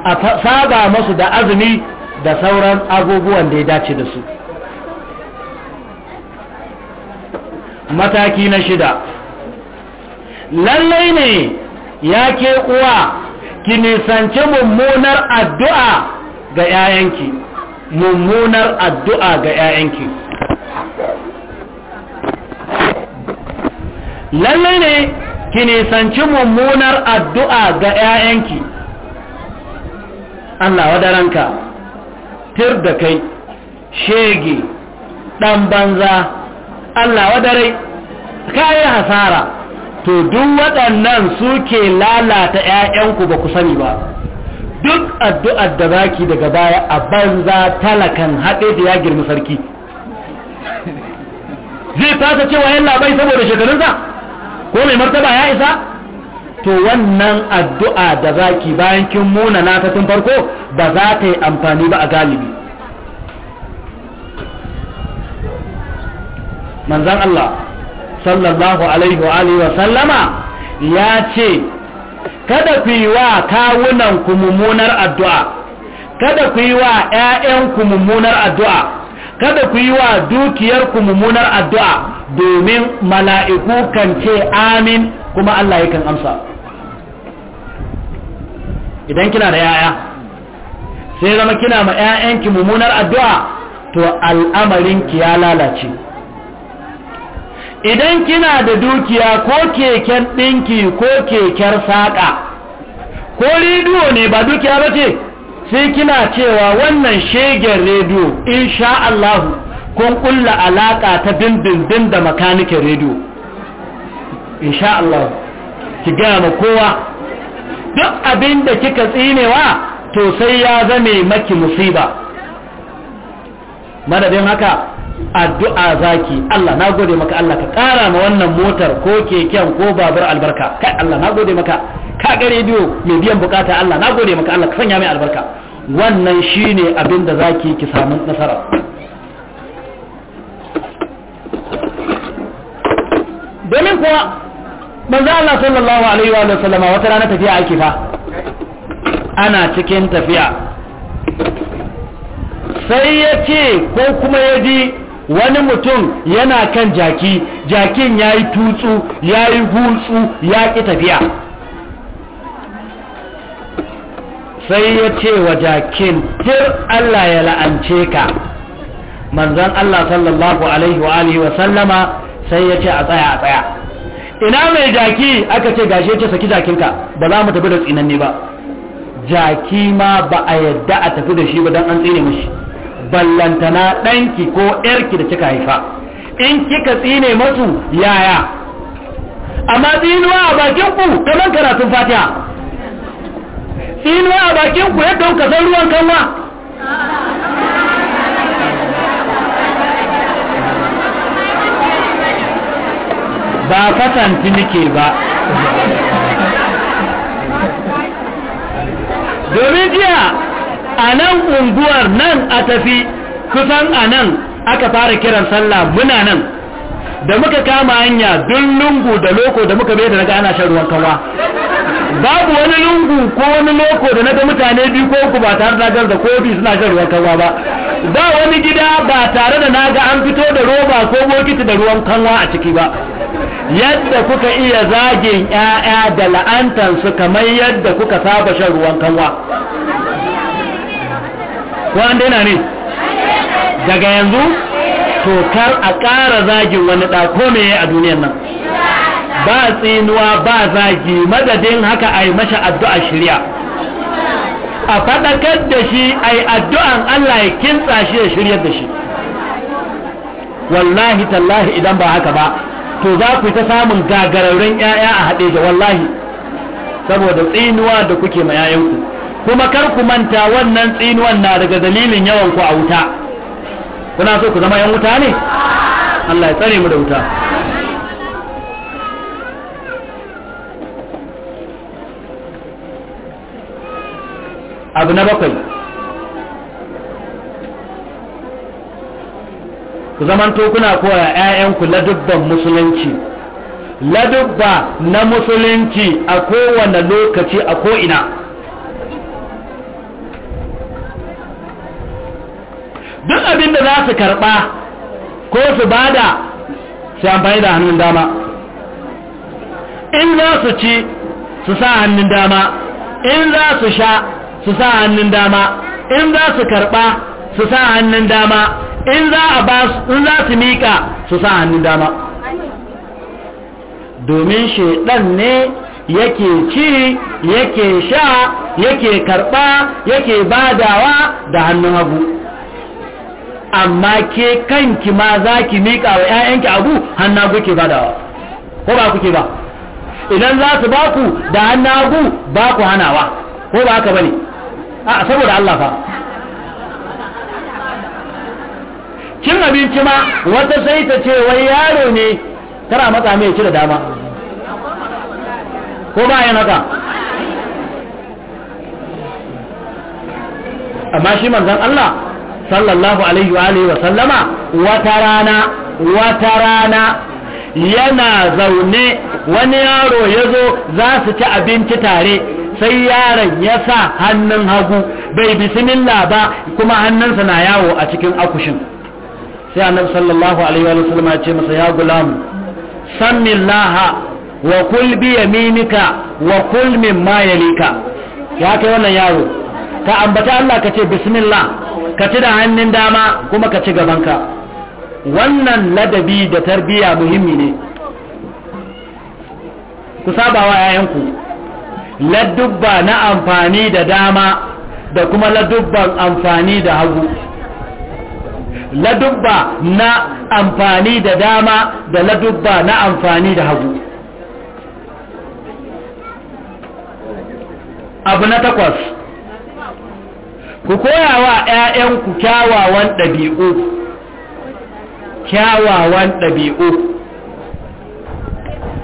a saba masu da azumi da sauran abubuwan da ya dace da su mataki na shida lallai ne ya ke uwa ki nisance mummunar addu'a ga 'ya'yanki mummunar addu'a ga 'ya'yanki lallai ne ki nisance mummunar addu'a ga 'ya'yanki Allah wadaranka tir da kai shege ɗan banza Allah wa ka yi hasara to duk waɗannan suke lalata 'ya'yanku ba ku sani ba duk addu'ar da zaki daga baya a banza talakan haɗe da ya girma sarki zai fasa cewa yan labai saboda shekarunsa ko mai martaba ya isa to wannan addu'a da zaki bayan kin muna na tun farko ba za ta yi amfani ba a galibi manzan Allah sallallahu alaihi wa alihi wa sallama ya ce kada ku yi wa kawunan ku mummunar addu'a kada ku yi wa ƴaƴan ku mummunar addu'a kada ku yi wa dukiyar ku mummunar addu'a domin mala'iku kan ce amin kuma Allah yakan amsa idan kina da ƴaƴa, sai zama kina ma ƴaƴanki mummunar addu'a to al'amarin ki ya lalace idan kina da dukiya ko keken ɗinki ko keken saƙa ko rediyo ne ba dukiya ba ce sai kina cewa wannan shegen rediyo insha Allah kun kulla alaƙa ta dindindin da makanikin rediyo insha Allah ki gaya ma kowa duk abin da kika tsinewa to sai ya zame maki musiba madadin haka addu'a zaki Allah na gode maka Allah ka ƙara ma wannan motar ko keken ko babur albarka kai Allah na gode maka ka ga rediyo mai biyan bukata Allah na gode maka Allah ka sanya mai albarka wannan shine abin da zaki ki samu nasara domin kuwa manzo Allah sallallahu alaihi wa sallama wata rana tafiya ake fa ana cikin tafiya sai ya ce ko kuma ya ji wani mutum yana kan jaki jakin ya yi tutsu ya yi hutsu ya ƙi tafiya sai ya ce wa jakin tir Allah ya la'ance ka manzan Allah sallallahu alaihi wa alihi wa sallama sai ya ce a tsaya a tsaya ina mai jaki aka ce gashi ya ce saki jakinka ba za mu tafi da tsinanni ba jaki ma ba a yadda a tafi da shi ba don an tsine mashi ballantana ɗanki ko ‘yarki da kika haifa in kika tsine masu yaya amma tsinuwa a bakinku kamar karatun fatiha tsinuwa a bakinku yadda kuka san ruwan kanwa ba fasanti nike ba domin jiya a nan unguwar nan a tafi kusan a nan aka fara kiran sallah muna nan da muka kama hanya dun lungu da loko da muka bai da naga ana shan ruwan kawa babu wani lungu ko wani loko da naga mutane biyu ko uku ba tare da da kofi suna shan ruwan kawa ba ba wani gida ba tare da naga an fito da roba ko bokiti da ruwan kanwa a ciki ba yadda kuka iya zagin 'ya'ya da la'antansu kamar yadda kuka saba shan ruwan kanwa ko an daina ne daga yanzu to kar a ƙara zagin wani ɗa ko a duniyar nan ba tsinuwa ba zagi madadin haka a yi masha addu'a shirya a faɗakar da shi a addu'an Allah ya kintsa shi ya shiryar da shi wallahi tallahi idan ba haka ba to za ku ta samun gagararren 'ya'ya a haɗe da wallahi saboda tsinuwa da kuke ma 'ya'yanku kuma kar ku manta wannan tsinuwan na daga dalilin yawan ku a wuta kuna so ku zama yan wuta ne Allah ya tsare mu da wuta abu na bakwai ku zamanto kuna koya 'ya'yanku ladubban musulunci ladubba na musulunci a kowane lokaci a ko'ina duk abin da za su karɓa ko su bada su amfani da hannun dama in za su ci su sa hannun dama in za su sha su sa hannun dama in za su karɓa su sa hannun dama in za a ba in za su miƙa su sa hannun dama domin shaidan ne yake ci yake sha yake karɓa yake badawa da hannun hagu amma ke kanki ma za ki miƙa wa 'ya'yanki abu hannagu ke badawa ko ba kuke ba idan za su ba ku da hannagu ba ku hanawa ko ba haka ba ne a saboda Allah fa cin abinci ma wata sai ta ce wai yaro ne tana matsa mai ci da dama ko ba yana ka amma shi manzan Allah sallallahu alaihi wa alihi wa sallama wata rana wata rana yana zaune wani yaro ya zo za su ci abinci tare sai yaron ya sa hannun hagu bai bisimilla ba kuma hannunsa na yawo a cikin akushin sai annabi sallallahu alaihi wa sallam ce masa ya gulam sammillaha wa kul bi yaminika wa kul mimma yalika ya kai wannan yaro ka ambata Allah ka ce bismillah ka ci da hannun dama kuma ka ci gabanka wannan ladabi da tarbiya muhimmi ne ku sabawa yayanku ladubba na amfani da dama da kuma ladubban amfani da hagu ladubba na amfani da dama da ladubba na amfani da hagu abu na takwas ku koya wa 'ya'yanku kyawawan ɗabi'u kyawawan ɗabi'u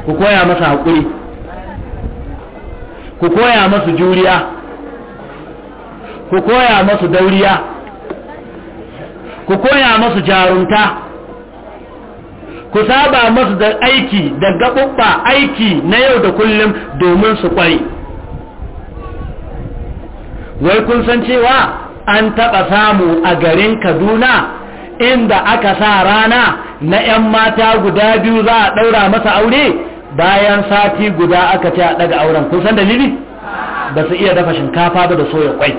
ku koya masa haƙuri ku koya masu juriya ku koya masu dauriya ku koya masu jarunta ku saba masu da aiki da gaɓuɓɓa aiki na yau da kullum domin su ƙware wai kun san cewa an taɓa samu a garin kaduna inda aka sa rana na 'yan mata guda biyu za a ɗaura masa aure bayan sati guda aka ce a ɗaga auren kun san dalili ba su iya dafa shinkafa ba da soya kwai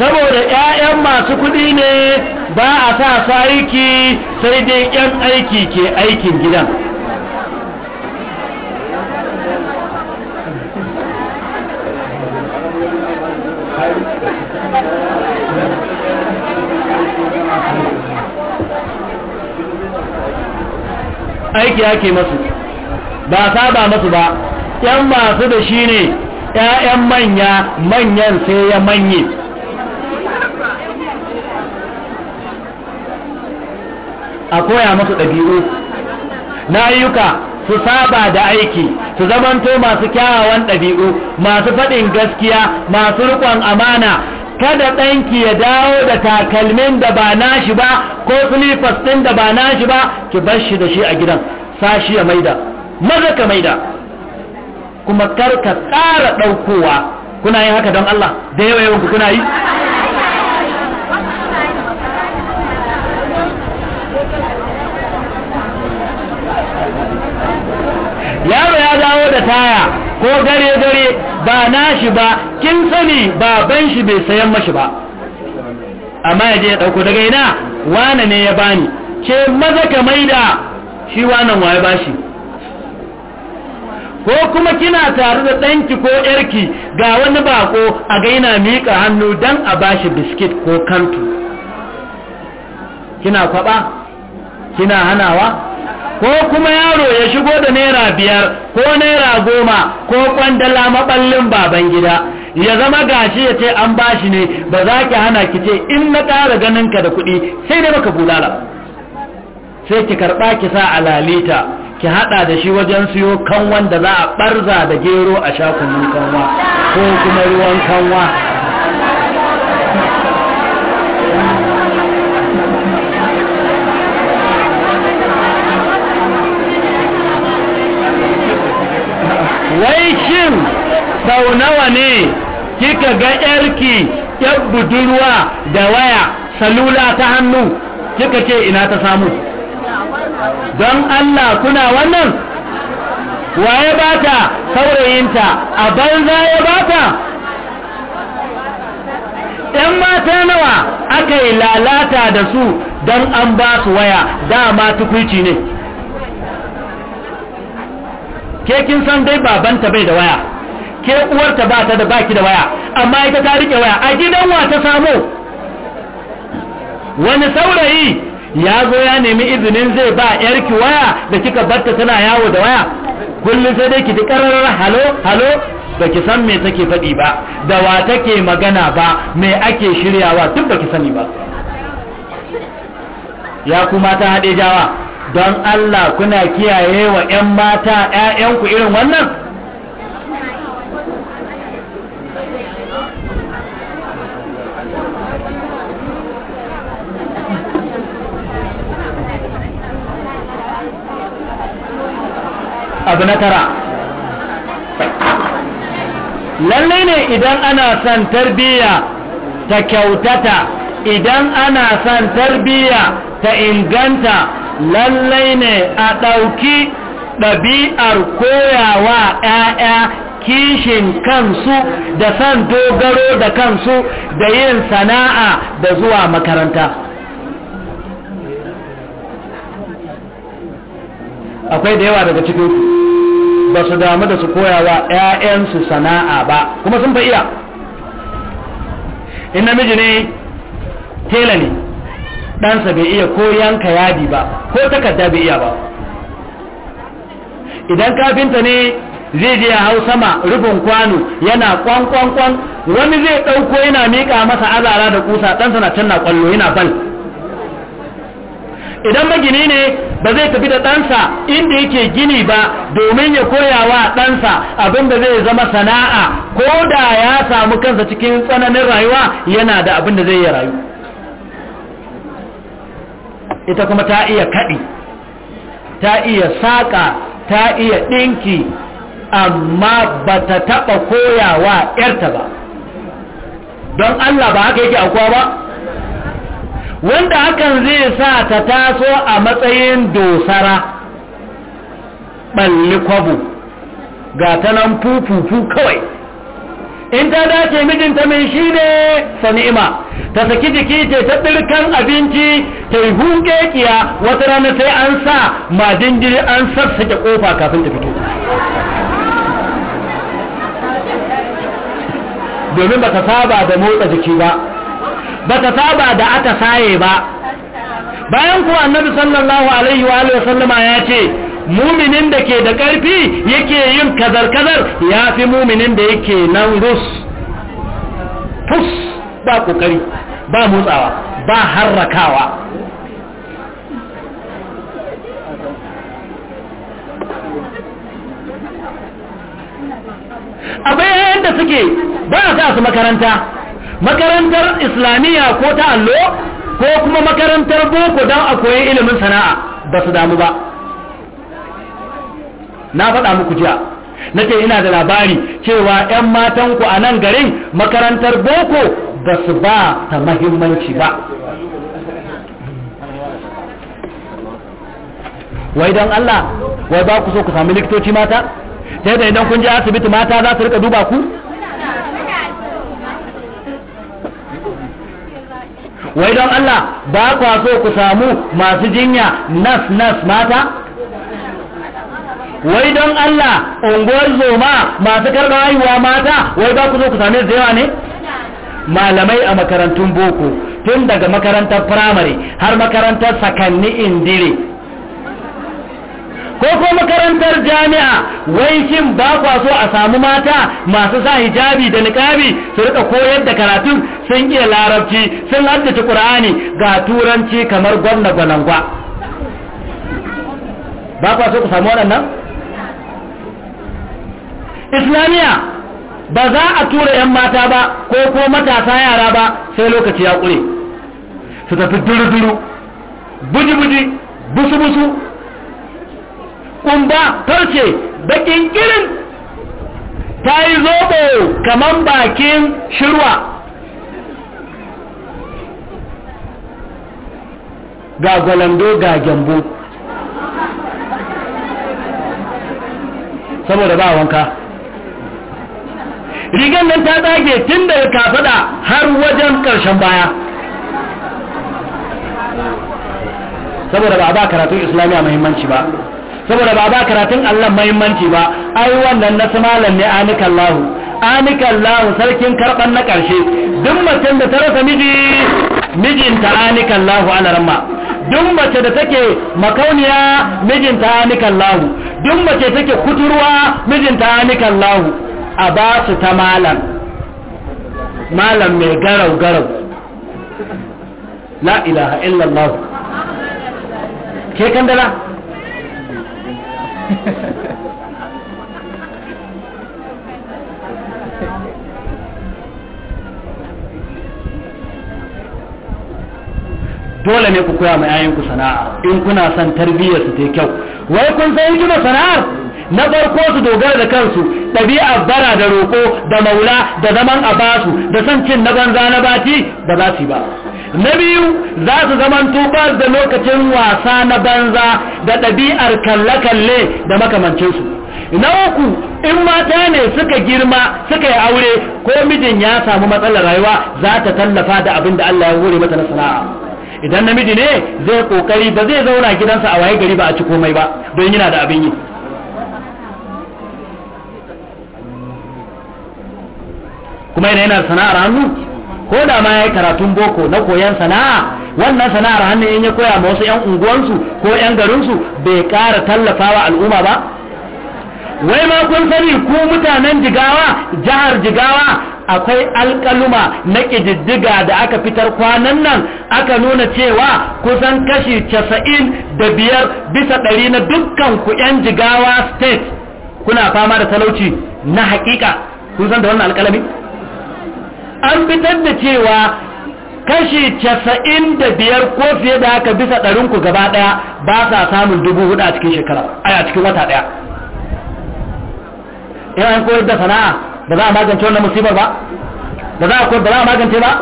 saboda 'ya'yan masu kuɗi ne ba a sa su aiki sai dai 'yan aiki ke aikin gidan aiki ake masu ba saba masu ba yan masu da shi ne ‘ya'yan manya manyan sai ya manye a koya masu ɗabi'u na ayyuka su saba da aiki su zamanto masu kyawawan ɗabi'u masu faɗin gaskiya masu riƙon amana kada ɗanki ya dawo da takalmin da ba nashi ba ko silifas ɗin da ba nashi ba ki bar shi da shi a gidan sashi ya maida maza ka maida kuma kar ka tsara ɗaukowa kuna yin haka don Allah da yawa yawan kuna yi yaro ya dawo da taya ko gare-gare ba nashi ba kin sani baban shi bai sayan mashi ba amma ya je ya dauko daga ina wane ne ya bani ce maza ka maida shi wannan waye bashi ko kuma kina tare da danki ko yarki ga wani bako a gaina miƙa hannu dan a bashi biskit ko kantu kina kwaba kina hanawa ko kuma yaro ya shigo da naira biyar ko naira goma ko kwandala maɓallin baban gida ya zama gashi ya ce an bashi ne ba za ki hana ki ce in na ƙara ka da kuɗi sai da baka bulala sai ki karɓa ki sa alalita ki haɗa da shi wajen siyo kan wanda za a ɓarza da gero a sha kanwa ko kuma ruwan kanwa sau nawa ne kika ga yarki yar budurwa da waya salula ta hannu kika ce ina ta samu don Allah kuna wannan waye ta saurayinta a banza ya ba ta? ‘yan mata nawa aka yi lalata da su don an ba su waya dama tukwici ne ke kin san dai babanta bai da waya ke uwarta ba ta da baki da waya amma ita ta rike waya a gidan wa ta samu wani saurayi ya zo ya nemi izinin zai ba yarki waya da kika barta tana yawo da waya kullum sai dai ki ji kararar halo halo ba ki san me take faɗi ba da wa take magana ba me ake shiryawa duk ba ki sani ba ya kuma ta haɗe jawa don Allah kuna kiyaye wa 'yan mata 'ya'yanku irin wannan abu na tara lallai ne idan ana son tarbiyya ta kyautata idan ana son tarbiyya ta inganta lallai ne a ɗauki ɗabi'ar koyawa ‘ya'ya kishin kansu da san dogaro da kansu da yin sana'a da zuwa makaranta akwai da yawa daga cikinsu ba su damu da su koya wa 'ya'yansu sana'a ba kuma sun fa iya in namiji ne tela ne ɗansa bai iya ko yanka yadi ba ko takarda bai iya ba idan kafinta ne zai je ya hau sama rufin kwano yana kwankwankwan wani zai ɗauko yana miƙa masa azara da ƙusa, ɗansa na can na kwallo yana bal idan magini ne ba zai tafi da ɗansa inda yake gini ba domin ya koya wa ɗansa abin da zai zama sana'a ko da ya samu kansa cikin tsananin rayuwa yana da abin da zai yi rayu ita kuma ta iya kaɗi ta iya saƙa ta iya ɗinki amma ba ta taɓa koyawa ‘yarta ba don Allah ba haka yake aukuwa ba wanda hakan zai sa ta taso a matsayin dosara balli kwabo ga ta nan fufufu kawai in ta dace mijinta mai shi ne sani'ima ta saki jiki ce ta ɗirkan abinci ta yi kiya, wata rana sai an sa madin jiri an sassake ƙofa kafin ta fito domin ba ta saba da motsa jiki ba Ba ta saba da aka saye ba bayan kuwa annabi sallallahu alaihi wa alihi sallama ya ce muminin da ke da karfi yake yin kazar kazar ya fi muminin da yake nan rus fus ba kokari ba motsawa ba harrakawa a bayan da suke ba sa su makaranta makarantar islamiyya ko ta allo ko kuma makarantar boko don a koyi ilimin sana'a ba su damu ba na faɗa muku jiya na ina da labari cewa 'yan matanku a nan garin makarantar boko ba su ba ta mahimmanci ba wai don Allah wai ba ku so ku sami likitoci mata sai da idan kun ji asibiti mata za su rika duba ku wai don Allah ba kwa so ku samu masu jinya nas nas mata wai don Allah unguwar zoma masu karɓar haihuwa mata wai ba ku so ku same su yawa ne malamai a makarantun boko tun daga makarantar firamare har makarantar sakanni indire ko ko makarantar jami'a wai shin ba kwa so a samu mata masu sa hijabi da niqabi su rika koyar da karatun sun iya larabci sun haddace qur'ani ga turanci kamar gwamna gwanangwa ba kwa so ku samu wannan islamiya ba za a tura 'yan mata ba ko ko matasa yara ba sai lokaci ya ƙure su tafi duru-duru buji-buji busu-busu kumba farce bakin ƙirin ta yi zobo kamar bakin shirwa ga gwalando ga gyambo saboda ba wanka rigar nan ta tsage tun daga kafada har wajen ƙarshen baya saboda ba a ba karatun islamiya muhimmanci ba saboda ba a ba karatun allah muhimmanci ba ai wannan na su ne anikan lahu anikan lahu sarkin karban na karshe duk mace da ta rasa miji mijinta anikan lahu ala ramma duk mace da take makauniya mijinta anikan lahu duk mace take kuturwa mijinta anikan lahu a ba su ta malam malam mai garau garau la ilaha illallah ke kandala dole ne ku koya ma yayin ku sana'a in kuna son tarbiyyar su ta kyau wai kun san hikima sana'ar na farko su dogara da kansu ɗabi'a bara da roƙo da maula da zaman a basu da san cin na banza na bati ba za su yi ba na biyu za su zaman tuba da lokacin wasa na banza da ɗabi'ar kalle-kalle da su na uku in mata ne suka girma suka yi aure ko mijin ya samu matsalar rayuwa za ta tallafa da abin da Allah ya hore mata na sana'a idan namiji ne zai kokari ba zai zauna gidansa a waye gari ba a ci komai ba don yana da abin yi kuma yana yana sana'ar hannu ko da ma ya yi karatun boko na koyan sana'a wannan sana'ar hannu in ya koya ma wasu 'yan unguwansu ko 'yan garinsu bai ƙara tallafawa al'umma ba wai ma kun sani ku mutanen jigawa jihar jigawa akwai alkaluma na ƙididdiga da aka fitar kwanan nan aka nuna cewa kusan kashi casa'in da biyar bisa ɗari na dukkan ku 'yan jigawa state kuna fama da talauci na haƙiƙa kun san da wannan alkalami an fitar da cewa kashi casa'in da biyar ko fiye da aka bisa ɗarinku gaba ɗaya ba sa samun dubu hudu a cikin shekara a cikin wata ɗaya in an koyar da sana'a da za a magance wannan musibar ba da za a koyar da za a magance ba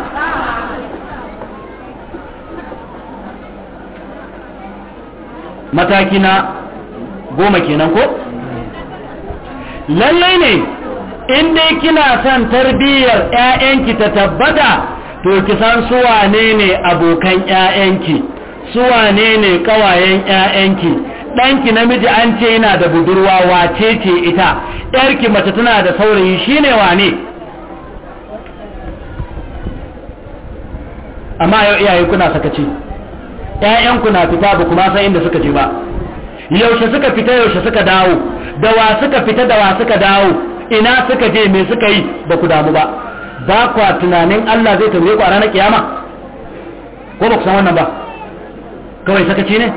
mataki na goma kenan ko lallai ne in dai kina son tarbiyyar 'ya'yanki ta tabbata to ki san su wane ne abokan 'ya'yanki su wane ne kawayen 'ya'yanki ɗanki namiji an ce yana da budurwa wace ce ita ɗarki mace tana da saurayi shine wane amma yau iyaye kuna sakaci ƴaƴanku na fita ba kuma san inda suka je ba yaushe suka fita yaushe suka dawo da wa suka fita da wa suka dawo ina suka je me suka yi ba ku damu ba ba kwa tunanin Allah zai tambaye ku a ranar kiyama ko ba ku san wannan ba kawai sakaci ne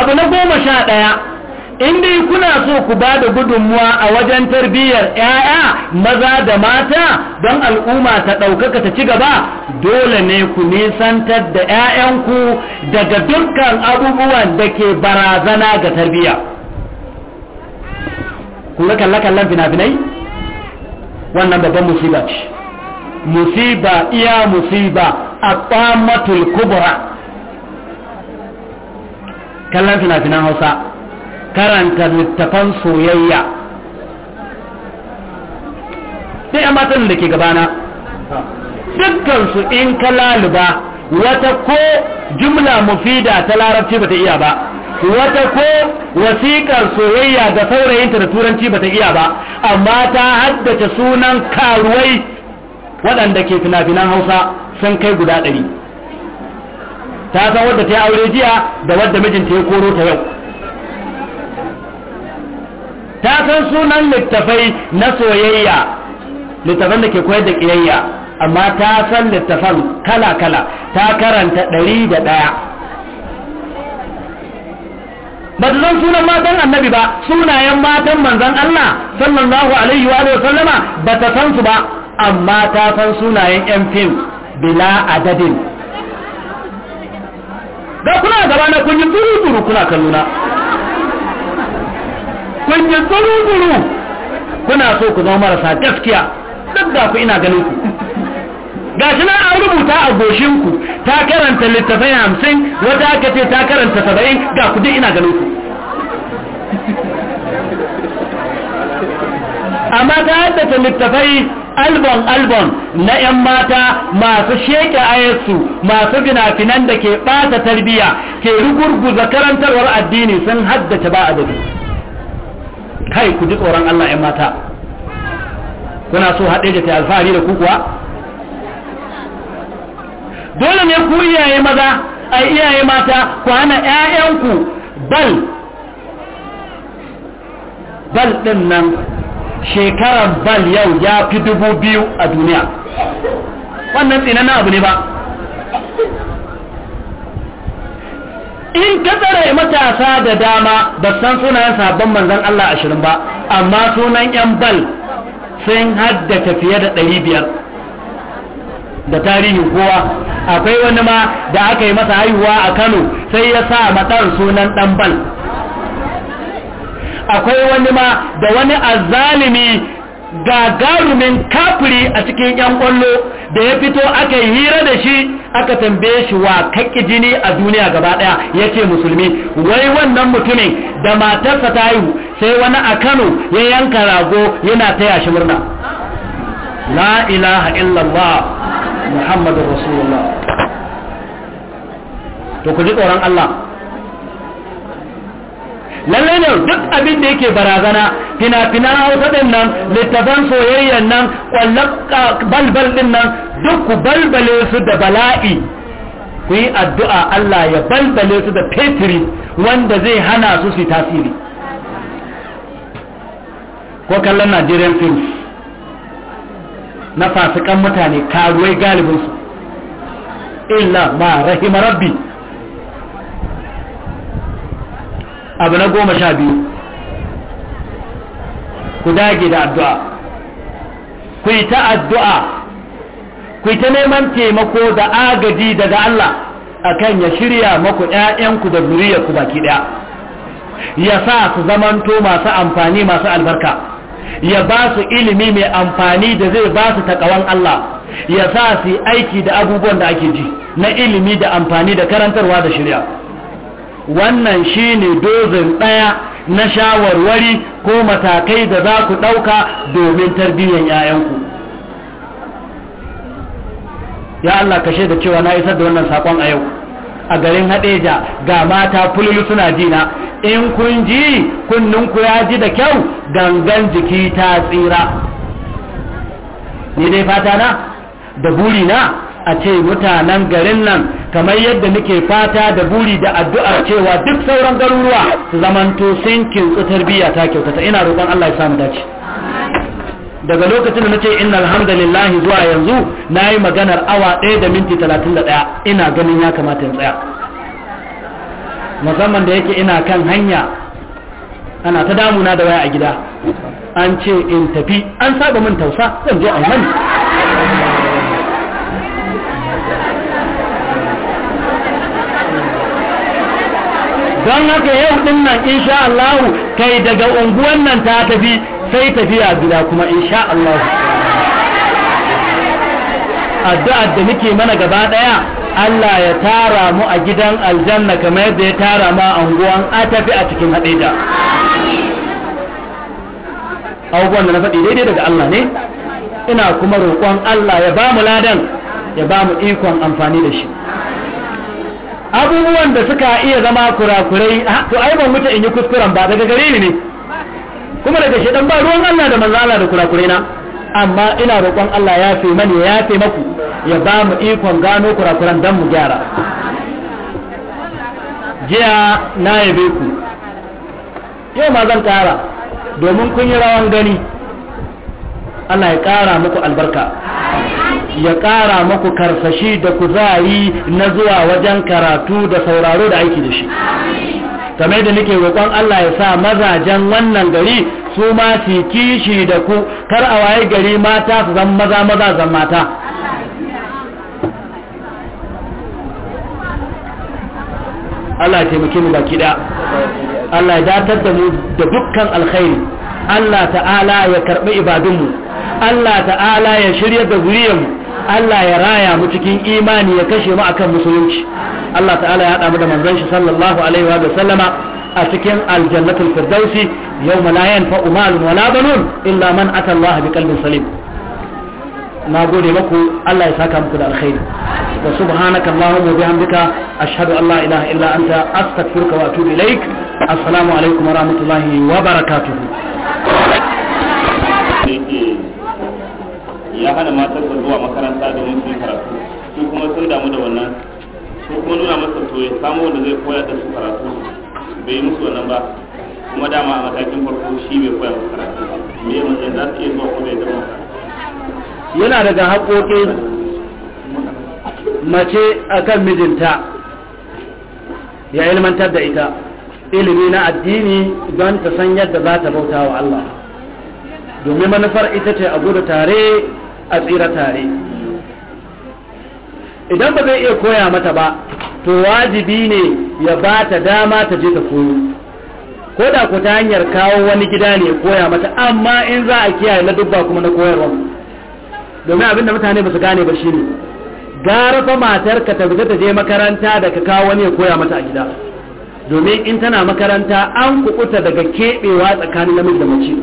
abu na goma sha ɗaya in dai kuna so ku ba da gudunmuwa a wajen tarbiyyar 'ya'ya maza da mata don al'umma ta ɗaukaka ta ci gaba dole ne ku nisantar da 'ya'yanku daga dukkan abubuwan da ke barazana ga tarbiyya kuma kalle-kallen fina-finai wannan babban musiba ce musiba iya musiba a kubra kallon fina-finan hausa karanta littafan soyayya sai yan matan da ke gabana dukkansu in ka laluba wata ko jumla mufida ta larabci bata iya ba wata ko wasiƙar soyayya da saurayinta da turanci bata iya ba amma ta haddace sunan karuwai waɗanda ke fina-finan hausa sun kai guda ɗari ta san wadda ta yi aure jiya da wadda mijinta ya koro ta yau ta san sunan littafai na soyayya littafan da ke koyar da kiyayya amma ta san littafan kala-kala ta karanta ɗari da ɗaya ba ta san sunan matan annabi ba sunayen matan manzan Allah sallallahu alaihi wa sallama ba ta san su ba amma ta san sunayen yan fim bila adadin da kuna gaba na kun yi tsuru-tsuru kuna kalluna kun yi tsuru-tsuru kuna so ku zama marasa gaskiya duk da ku ina ganin ku gashi na an rubuta a goshinku ta karanta littafai hamsin wata aka ce ta karanta saba'in ga ku duk ina ganin ku amma ta haddace littafai albon albon na 'yan mata masu sheke ayarsu masu finafinan da ke ɓata tarbiya ke rugurguza karantarwar addini sun haddace ba adadi kai ku ji tsoron Allah 'yan mata kuna so haɗe da ta alfahari da kuwa dole ne ku iyaye maza a iyaye mata ku hana 'ya'yanku bal bal ɗin nan shekaran bal yau ya fi dubu biyu a duniya wannan tsinanin abu ne ba in ka tsare matasa da dama da san sunayen sabon manzan Allah ashirin ba amma sunan yan bal sun haddata fiye da ɗari biyar da tarihin kowa akwai wani ma da aka yi masa haihuwa a kano sai ya sa matar sunan ɗan bal akwai wani ma da wani azalimi gagarumin kafiri a cikin yan kwallo da ya fito aka yi hira da shi aka tambaye shi wa kakki jini a duniya gaba daya yake musulmi wai wannan mutumin da matarsa ta yi sai wani a kano ya yanka rago yana taya shi murna la ilaha illallah muhammadu rasulullah to ku ji tsoron allah lallai ne duk abin da yake barazana fina-finan hausa din nan littafan soyayyan nan kwallaka balbal din nan duk ku balbale su da bala'i ku yi addu'a Allah ya balbale su da fetiri wanda zai hana su su tasiri ko kallon Nigerian films na fasikan mutane karuwai galibinsu illa ma rahima rabbi abu na goma sha biyu ku dage da addu'a ku yi ta addu'a ku yi ta neman taimako da agaji daga Allah akan ya shirya maku ‘ya'yanku da zuriyarku baki ɗaya ya sa su zamanto masu amfani masu albarka ya ba su ilimi mai amfani da zai ba su takawan Allah ya sa su aiki da abubuwan da ake ji na ilimi da amfani da karantarwa da shirya wannan shine dozin ɗaya na shawarwari ko matakai da za ku ɗauka domin tarbiyyar 'ya'yanku ya Allah kashe da cewa na isar da wannan saƙon a yau a garin haɗeja ga mata fululu suna jina in kun ji kunninku ya ji da kyau gangan jiki ta tsira ni dai fata na da buri na a ce mutanen garin nan kamar yadda muke fata da buri da addu'ar cewa duk sauran garuruwa su zamanto sun kintsu tarbiyya ta kyautata ina roƙon Allah ya samu dace daga lokacin da nace innal hamdalillah zuwa yanzu nayi maganar awa 1 da minti 31 ina ganin ya kamata in tsaya musamman da yake ina kan hanya ana ta damuna da waya a gida an ce in tafi an saba min tausa zan je a mani don haka yau din nan insha Allah kai daga unguwan nan ta tafi sai tafiya gida kuma insha Allah addu'ar da muke mana gaba daya Allah ya tara mu a gidan aljanna kamar yadda ya tara ma a unguwan a tafi a cikin hadeja abubuwan da na faɗi daidai daga Allah ne ina kuma roƙon Allah ya ba mu ladan ya ba mu ikon amfani da shi abubuwan da suka iya zama kurakurai ah, to ai ban wuce in yi kuskuren ba daga gare ni ne kuma daga shedan ba ruwan Allah da manzo Allah da kurakurai na amma ina roƙon Allah ya fi mani ya fi maku ya ba mu ikon gano kurakuran dan mu gyara jiya na yabe ku yau ma zan tara domin kun yi rawan gani Allah ya ƙara muku albarka ya ƙara muku karsashi da kuzari na zuwa wajen karatu da sauraro da aiki da shi game da nake roƙon Allah ya sa mazajen wannan gari su ma su kishi da ku kar a waye gari mata su zan maza maza zan mata Allah ya taimake mu baki da Allah ya datar da mu da dukkan alkhairi Allah ta'ala ya karɓi ibadunmu Allah ta'ala ya shirya da zuriyarmu Allah ya raya mu cikin imani ya kashe mu akan musulunci Allah ta'ala ya haɗa mu da manzon shi sallallahu alaihi wa sallama a cikin aljannatul firdausi yau la yanfa'u malun wala banun illa man ata Allah bi qalbin salim na gode maku Allah ya saka muku da alkhairi wa subhanaka allahumma bihamdika ashhadu an la ilaha illa anta astaghfiruka wa atubu ilaik assalamu alaikum wa rahmatullahi wa barakatuh ya hana matar sa zuwa makaranta domin su yi karatu su kuma sun damu da wannan su kuma nuna masa to ya samu wanda zai koya da su karatu bai yi musu wannan ba kuma dama a matakin farko shi bai koya musu karatu me ya mutum za su iya zuwa kuma ya zama yana daga haƙoƙin mace a kan mijinta ya ilmantar da ita ilimi na addini don ta san yadda za ta bauta wa Allah domin manufar ita ce a gudu tare a tsira tare idan ba zai iya koya mata ba to wajibi ne ya ba ta dama ta je ta koyo ko da ku ta hanyar kawo wani gida ne koya mata amma in za a kiyaye na dubba kuma na koyarwa domin abinda mutane ba su gane ba shi ne, gara fa matar ka tabbata ta je makaranta da ka kawo wani ya koya mata a gida domin in tana makaranta an kukuta daga keɓewa tsakanin namiji da mace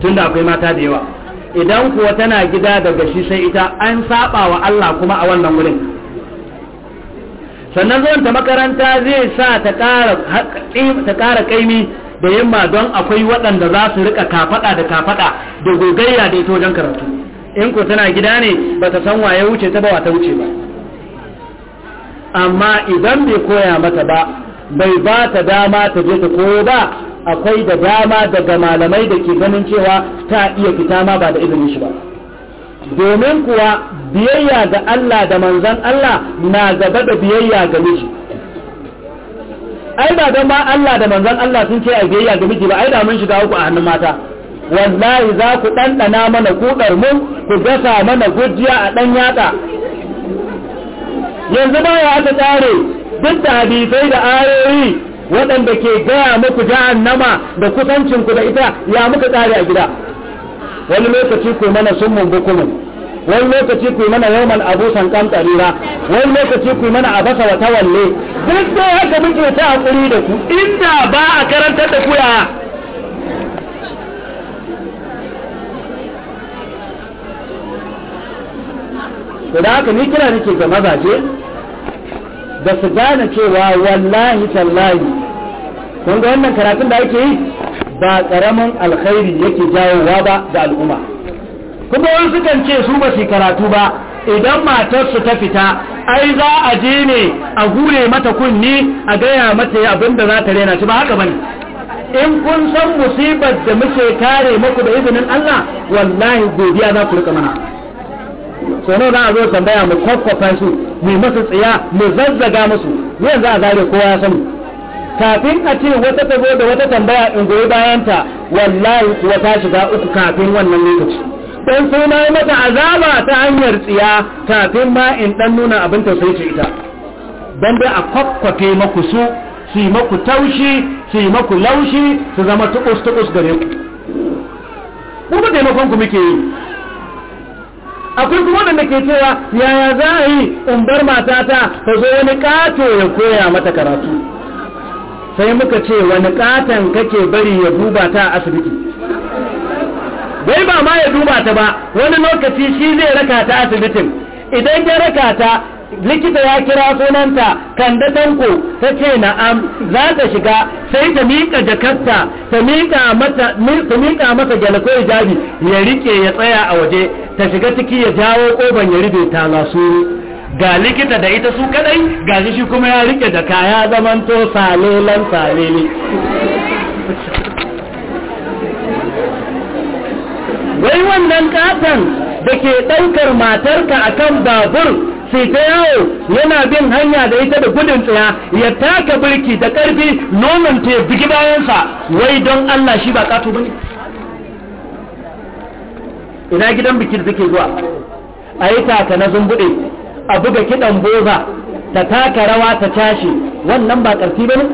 tunda akwai mata da yawa idan kuwa tana gida daga shi sai ita an saba wa Allah kuma a wannan wurin sannan zuwan ta makaranta zai sa ta ƙara kaimi da yamma don akwai waɗanda za su rika kafaɗa da kafaɗa da gogayya da ito wajen karatu in ku tana gida ne ba ta san waye wuce ta ba ta wuce ba amma idan bai koya mata ba bai ba ta dama ta je ta koyo ba akwai da dama daga malamai da ke ganin cewa ta iya fita ma ba da izinin shi ba domin kuwa biyayya ga Allah da manzan Allah na gaba da biyayya ga miji ai ba don ma Allah da manzan Allah sun ce a biyayya ga miji ba ai da mun shiga uku a hannun mata wallahi za ku ɗanɗana mana kuɗar mu ku gasa mana gujiya a ɗan yatsa yanzu ba ya aka tsare duk da hadisai da ayoyi waɗanda ke gaya muku jahannama da kusancinku da ita ya muka tsari a gida wani lokaci ku mana sun mumbu kuma. wani lokaci ku mana yawman abusan kan tsarira wani lokaci ku mana a basa wa tawalle duk da haka muke ta hakuri da ku inda ba a karantar da ku ya da haka ni kira nake ga mazaje da su gane cewa wallahi tallahi kun ga wannan karatun da ake yi ba karamin alkhairi yake jawowa ba da al'umma kuma wani sukan ce su ba su karatu ba idan matarsu ta fita ai za a je ne a hure mata kunni a gaya mata abin da za ta rena shi ba haka bane in kun san musibar da muke kare muku da izinin Allah wallahi godiya za ku rika mana sau nawa za a zo tambaya mu kwakwafa su mu masu tsiya mu zazzaga musu yanzu a zare kowa ya sani kafin a ce wata ta zo da wata tambaya in goyi bayanta wallahi kuwa ta shiga uku kafin wannan lokaci Dan sai na yi mata azaba ta hanyar tsiya kafin ma in dan nuna abin sai ce ita don dai a kwakwafe maku su su yi maku taushi su yi maku laushi su zama tukus tukus gare ku kuma taimakon ku muke yi akwai kuma wanda ke cewa yaya za a yi in bar matata ta zo wani kato ya koya mata karatu sai muka ce wani katon kake bari ya duba ta a asibiti bai ba ma ya duba ta ba wani lokaci shi zai raka ta asibitin idan ya raka ta likita ya kira sunanta Kande Tanko ta ce na'am za ta shiga sai ta miƙa jakarta ta miƙa masa jalako ya jabi ya riƙe ya tsaya a waje ta shiga ciki ya jawo ƙoban ya rube ta lasu ga likita da ita su kadai ga shi kuma ya riƙe kaya ya zamanto salolan salele wai wannan katon da ke ɗaukar matarka akan babur sai ta yawo yana bin hanya da ita da gudun tsaya ya taka birki da ƙarfi noman ta bigi bayansa wai don Allah shi ba ƙato ne. ina gidan bikin suke zuwa a yi taka na zumbuɗe a buga kiɗan boza ta taka rawa ta cashe wannan ba ƙarfi ba ne?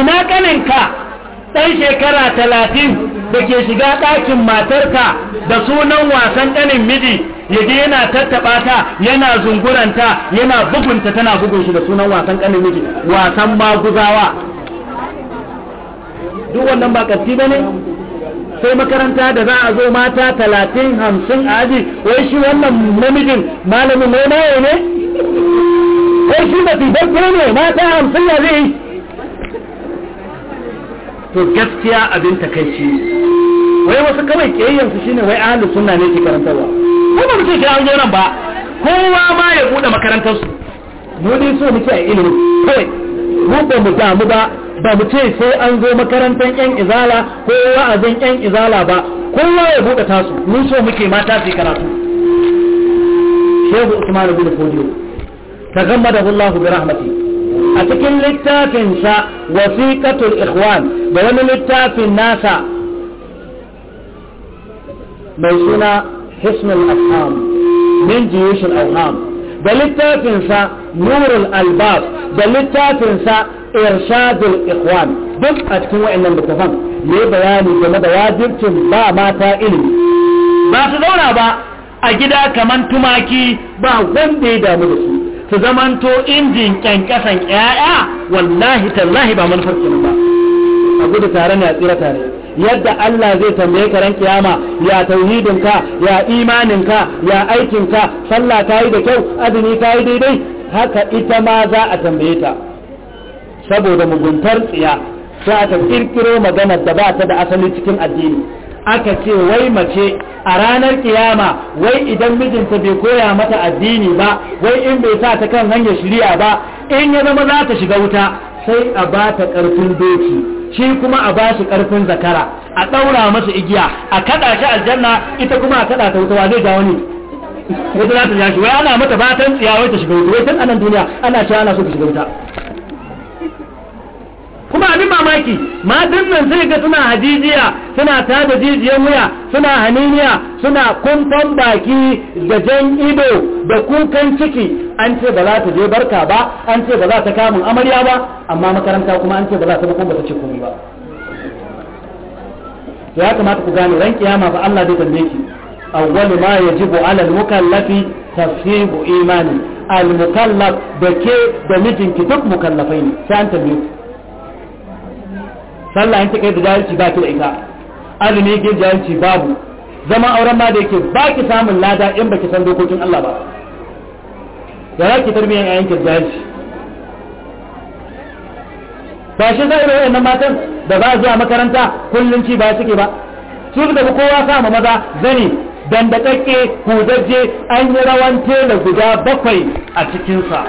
ina ƙaninka ɗan shekara talatin da ke shiga ɗakin matarka da sunan wasan ɗanin miji yadda yana tattaɓa ta yana zunguranta yana bugunta tana bugun shi da sunan wasan ɗanin miji wasan maguzawa duk wannan ba ƙarfi ba ne sai makaranta da za a zo mata talatin hamsin a aji wai shi wannan namijin malamin mai ne wai shi ba ne mata hamsin ya zai to gaskiya abin ta takaici wai wasu kawai kiyayyansu shine wai ahli sunna ne ke karantarwa ko ba mutum kira nan ba kowa ma ya bude makarantar su mu dai so muke a ilimi kawai mu ba mu damu ba ba mu ce sai an zo makarantar yan izala ko wa'azin yan izala ba kowa ya bude tasu mu so muke mata su karatu shehu usman ibn Ta tagammadahu allah bi rahmatihi a cikin littafinsa wasiƙatul ikhwan da wani littafin nasa mai suna hisnul afham min jiyushin awham da littafinsa nurul albab da littafinsa irshadul ikhwan duk a cikin wa'annan littafan ne bayani game da wajibcin ba mata ilimi ba su zauna ba a gida kaman tumaki ba wanda ya damu da su su zamanto injin kyankyasan yaya wallahi tallahi ba manufar kenan ba a gudu tare ne a tsira tare yadda Allah zai tambaye ka ran kiyama ya ka, ya imanin ka, ya aikin ka, sallah ta yi da kyau azumi ta yi daidai haka ita ma za a tambaye ta saboda muguntar tsiya sai aka kirkiro maganar da ba ta da asali cikin addini aka ce wai mace a ranar kiyama wai idan mijinta bai koya mata addini ba wai in bai sa ta kan hanyar shirya ba in ya zama za ta shiga wuta sai a ba ta ƙarfin doki shi kuma a ba shi ƙarfin zakara a ɗaura masa igiya a kaɗa shi aljanna ita kuma a kaɗa ta wuta wa zai ga wani wata za ta wai ana mata fatan tsiyawai ta shiga wuta wai tun anan duniya ana cewa ana so ta shiga wuta kuma abin mamaki matan nan sai ga suna hajijiya suna tada jijiyar wuya suna haniniya suna kumfan baki da jan ido da kukan ciki an ce ba za ta je barka ba an ce ba za ta kamun amarya ba amma makaranta kuma an ce ba za ta bakon ba ta ce komai ba to ya kamata ku gane ran kiyama ba Allah zai tambaye ki awwalu ma yajibu ala al-mukallafi tasfihu imani al-mukallaf da ke da mijinki duk mukallafai ne sai an tambaye sallah in ta kai da jahilci ba ta ita azumi ke jahilci babu zama auren ma da yake ba ki samun lada in baki san dokokin Allah ba ya za ki tarbiyyar yayin ki jahilci ba shi sai da wayannan matan da ba zuwa makaranta kullum ci ba suke ba su da kowa sama maza zani dandakakke hudaje an yi rawan tela guda bakwai a cikinsa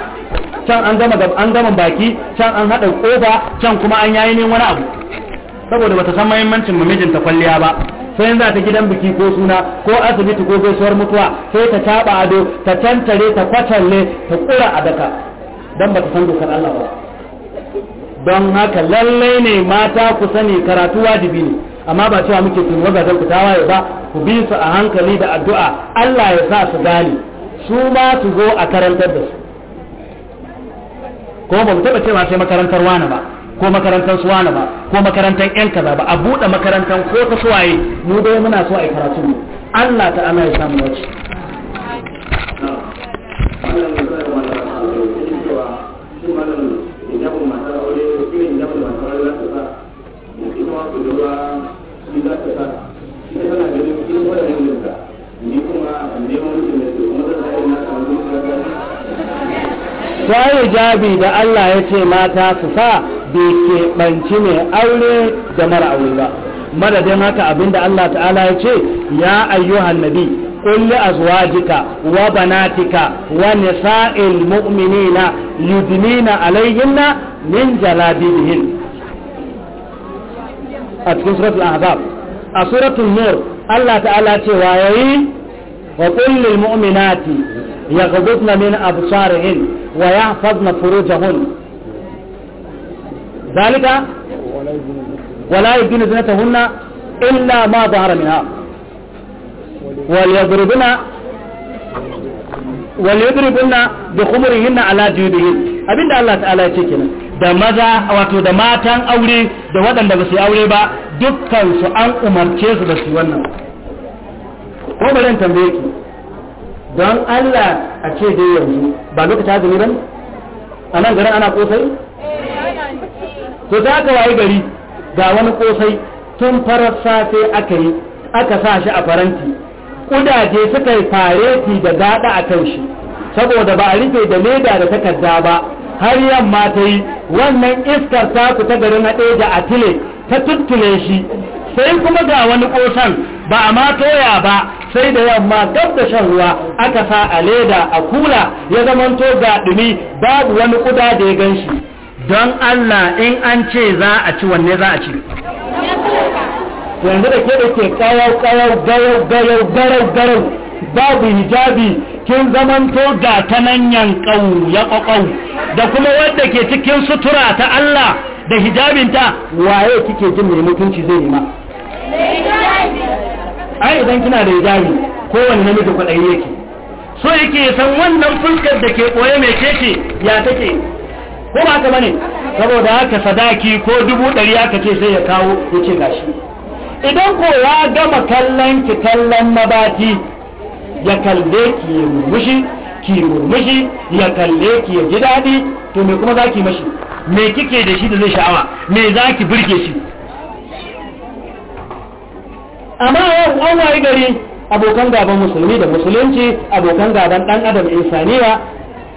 can an gama an gama baki can an hada koba can kuma an yayi ne wani abu saboda bata san muhimmancin mijinta kwalliya ba sai yanzu ta gidan biki ko suna ko asibiti ko gaisuwar mutuwa sai ta taba ado ta tantare ta kwatalle ta kura a daka dan bata san dokar Allah ba don haka lallai ne mata ku sani karatu wajibi ne amma ba cewa muke tuni zan ku tawaye ba ku bi su a hankali da addu'a Allah ya sa su gane su ma su zo a karantar da su ko ba ku taba cewa sai makarantar wani ba ko makarantar suwana ba ko makarantar yan kaza ba a buɗe makarantar ko ta suwaye mu dai muna so a yi karatu mu Allah ta'ala ya samu wace ni kuma neman sai jabi da Allah ya ce mata su sa bai keɓanci mai aure da mara aure ba madadin haka abinda Allah ta'ala ya ce ya ayyuhan nabi kulli azwajika wa banatika wa nisa'il mu'minina yudnina alayhinna min jalabibihin a cikin suratul ahzab a suratul nur Allah ta'ala cewa yayi wa kulli mu'minati يغضضن من أبصارهن ويحفظن فروجهن ذلك ولا يبدين زينتهن إلا ما ظهر منها وليضربن وليضربن بخمرهن على جيوبهن abinda Allah ta'ala ya kenan da maza wato da matan aure da waɗanda ba su aure ba dukkan su an umarce su da su wannan ko bari tambaye ki don Allah a ce dai yanzu ba lokacin azumi ba a nan garin ana kosai to da aka waye gari ga wani kosai tun farar safe aka yi aka sa shi a faranti kudaje suka yi fareti da gada a kan shi saboda ba a rufe da leda da takarda ba har yamma ta yi wannan iskar ta ta garin haɗe da atile ta tuttule shi sai kuma ga wani kosan ba a ma toya ba sai da yamma gab da shan ruwa aka sa a leda a kula ya zamanto ga dumi babu wani kuda da ya ganshi don Allah in an ce za a ci wanne za a ci yanzu da ke da ke kawau kawau gayau gayau garau garau babu hijabi kin zamanto ga ta nan yankau ya kokau da kuma wadda ke cikin sutura ta Allah da hijabinta waye kike jin mai mutunci zai yi ma ai idan kina da hijabi kowane namiji kwaɗayi yake so yake san wannan fuskar da ke ɓoye mai keke ya take ko ba ka bane saboda haka sadaki ko dubu ɗari aka ce sai ya kawo ya ce gashi idan ko ya gama kallon ki kallon mabati ya kalle ki ya murmushi ki murmushi ya kalle ki ya ji daɗi to me kuma za ki mashi me kike da shi da zai sha'awa me za ki shi amma an wayi gari abokan gaban musulmi da musulunci abokan gaban dan adam insaniya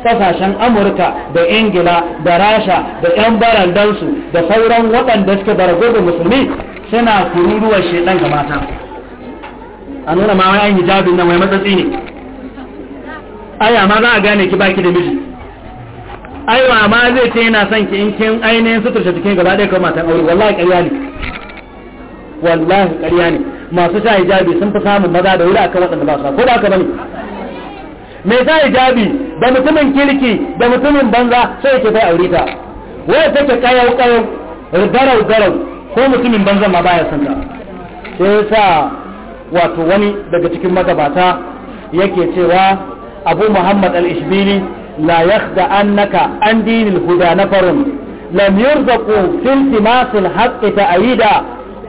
kasashen amurka da ingila da rasha da yan barandansu da sauran waɗanda suka da musulmi suna kururuwar shedan ga mata a nuna ma wai hijabin nan wai matsatsi ne ai amma za a gane ki baki da miji ai ma zai ce yana son ki in kin ainihin suturta cikin gaba ɗaya kamar matan aure wallahi ƙarya ne wallahi ƙarya ne masu sa hijabi sun fi samun maza da wuri akan waɗanda ba su ko da aka bane mai sa hijabi da mutumin kirki da mutumin banza sai yake bai aure ta wai take kayau kayau garau garau ko mutumin banza ma baya son ta sai sa wato wani daga cikin magabata yake cewa abu muhammad al-ishbili la yakhda annaka an dinil huda nafarun lam yurzaqu fi iltimasil haqqi ta'ida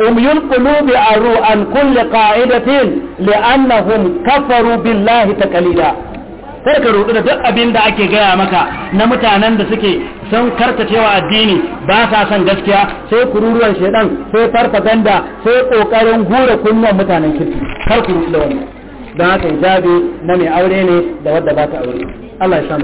أمي القلوب أروا عن كل قاعدة لأنهم كفروا بالله تكليلا kar ka rudu da duk abin da ake gaya maka na mutanen da suke sun karkacewa addini ba sa son gaskiya sai kururuwar shedan sai farfaganda sai kokarin gura kunnuwan mutanen kirki kar ku da wannan don haka hijabi na mai aure ne da wadda ba ta aure Allah ya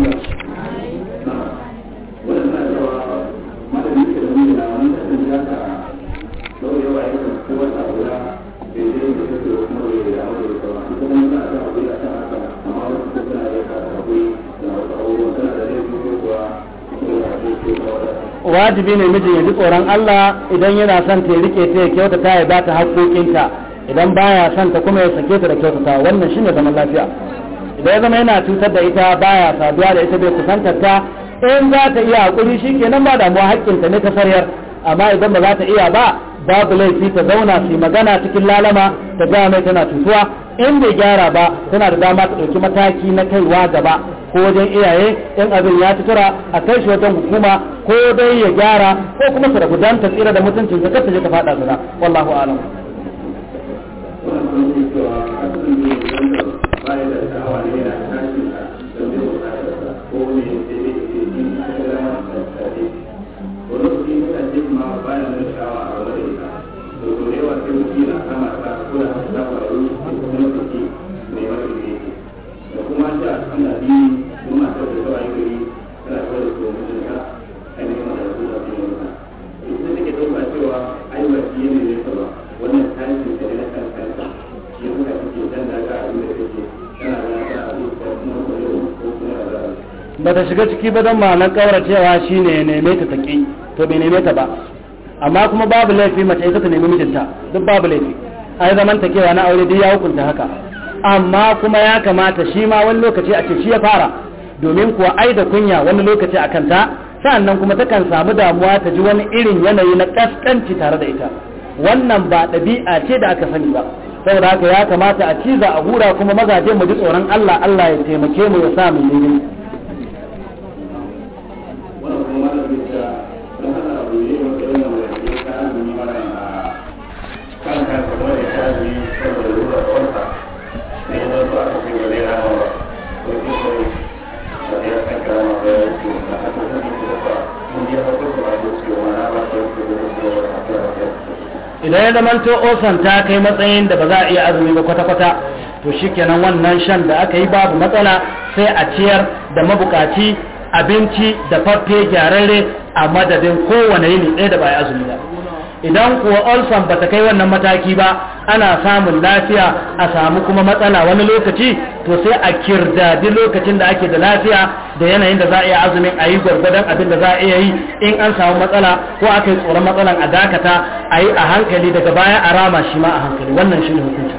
wajibi ne miji ya ji tsoron Allah idan yana son ta rike ta ya kyautata ya bata ta idan baya son ta kuma ya sake ta da kyautata wannan shine zaman lafiya idan ya zama yana cutar da ita baya saduwa da ita bai kusantar ta in za ta iya haƙuri shi kenan ba damuwa haƙƙinta ne ta sarayar amma idan ba za ta iya ba babu laifi ta zauna su magana cikin lalama ta gaya mai tana cutuwa in bai gyara ba tana da dama ta ɗauki mataki na kaiwa gaba ko wajen iyaye in abin ya tura a kai shi wajen hukuma ko dai ya gyara ko kuma su rabu don ta tsira da mutuncin ka kasance ka faɗa zuna wallahu alam ba ta shiga ciki ba don ma'anar cewa shi ne neme ta taƙi to bai neme ta ba amma kuma babu laifi mace ita ta nemi mijinta duk babu laifi a yi zaman takewa na aure duk ya hukunta haka amma kuma ya kamata shi ma wani lokaci a ce shi ya fara domin kuwa ai da kunya wani lokaci a kanta sa'annan kuma takan samu damuwa ta ji wani irin yanayi na ƙasƙanci tare da ita wannan ba ɗabi'a ce da aka sani ba saboda haka ya kamata a ciza a hura kuma mazaje mu ji tsoron Allah Allah ya taimake mu ya sa mu daidai idan ya zamanto osan ta kai matsayin da ba za a iya azumi ba kwata-kwata to shikenan wannan shan da aka yi babu matsala sai a ciyar da mabukaci abinci da farfe gyararre a madadin kowane yini ɗaya da ba ya azumi ba idan kuwa olson ba ta kai wannan mataki ba ana samun lafiya a samu kuma matsala wani lokaci to sai a kirdadi lokacin da ake da lafiya da yanayin da za a iya azumin a yi gwargwadon abin da za a iya yi in an samu matsala ko aka yi tsoron matsalan a dakata a yi a hankali daga baya a rama shi ma a hankali wannan shi ne hukunci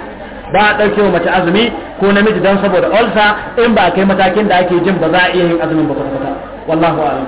ba a ɗauke wa mace azumi ko namiji don saboda olsa in ba a kai matakin da ake jin ba za a iya yin azumin ba kwata-kwata wallahu a'lam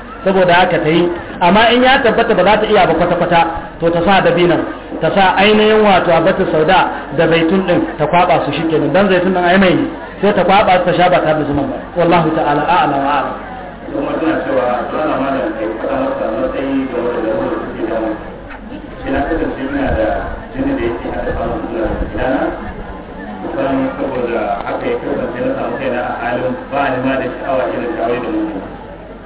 saboda haka ta yi amma in ya tabbata ba za ta iya ba kwata-kwata to ta sa dabinan ta sa ainihin wato abatin sauda da zaitun din ta kwaba su shi kenan don zaitun din ai mai sai ta kwaba ta sha ba ta da zuman ba wallahu ta'ala a'ala wa a'ala tana cewa malam kai da na kasance ina da jini da gidana saboda haka ya kasance na samu kaina a halin ba ni ma da sha'awa irin sha'awai da mutum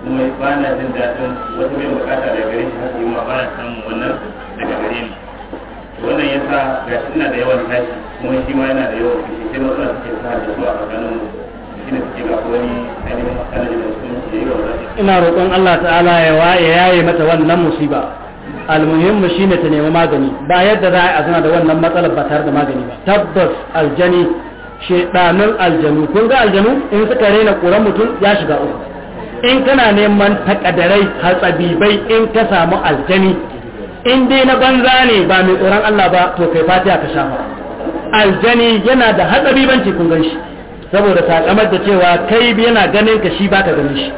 kuma ba na jin daɗin wata mai bukata daga gare shi haka ba na samun wannan daga gare wannan ya sa ga shi ina da yawan tashi kuma shi ma yana da yawan fushi sai suke sa da a mu shi ne suke ga wani ainihin da su ne ina roƙon Allah ta'ala ya waye yaye mata wannan musiba almuhimmu shine ta nemi magani ba yadda za a zana da wannan matsalar ba tare da magani ba tabbas aljani shedanin aljanu kun ga aljanu in suka rena ƙuran mutum ya shiga uku in kana neman takadarai hatsabibai in ka samu aljani in dai na banza ne ba mai tsoron Allah ba to kai fatiha ka shafa aljani yana da hatsabibanci kun gan shi saboda sakamar da cewa kai yana ganin ka shi ba ka ganin shi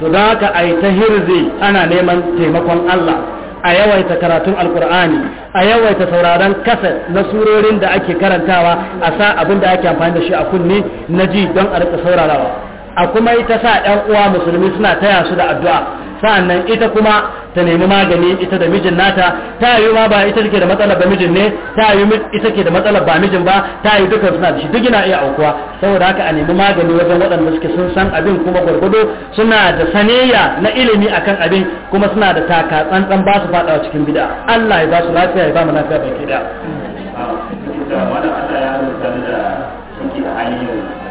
to don haka a yi ta hirzi ana neman taimakon Allah a yawaita karatun alkur'ani a yawaita sauraron kasa na surorin da ake karantawa a sa abin da ake amfani da shi a kunne na ji don a rika saurarawa a kuma ita sa ɗan uwa musulmi suna taya su da addu'a sa'annan ita kuma ta nemi magani ita da mijin nata ta yi ma ba ita take da matsalar ba mijin ne ta yi ita ke da matsalar ba mijin ba ta yi duka suna da shi duk yana iya aukuwa saboda haka a nemi magani wajen waɗanda suke sun san abin kuma gwargwado suna da sanayya na ilimi akan abin kuma suna da taka tsantsan ba su faɗawa cikin bid'a Allah ya ba su lafiya ya ba mu lafiya baki da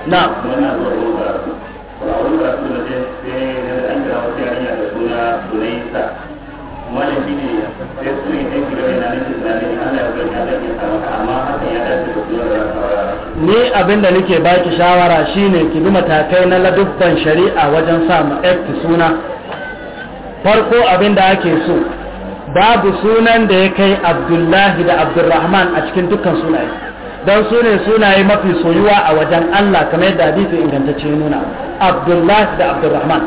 na ni abin da nake baki shawara shine ki bi matakai na ladubban shari'a wajen sa ma suna farko abin da ake so babu sunan da ya kai abdullahi da abdurrahman a cikin dukkan sunaye don su ne sunaye mafi soyuwa a wajen Allah kamar yadda hadisi ingantacce nuna Abdullah da Abdurrahman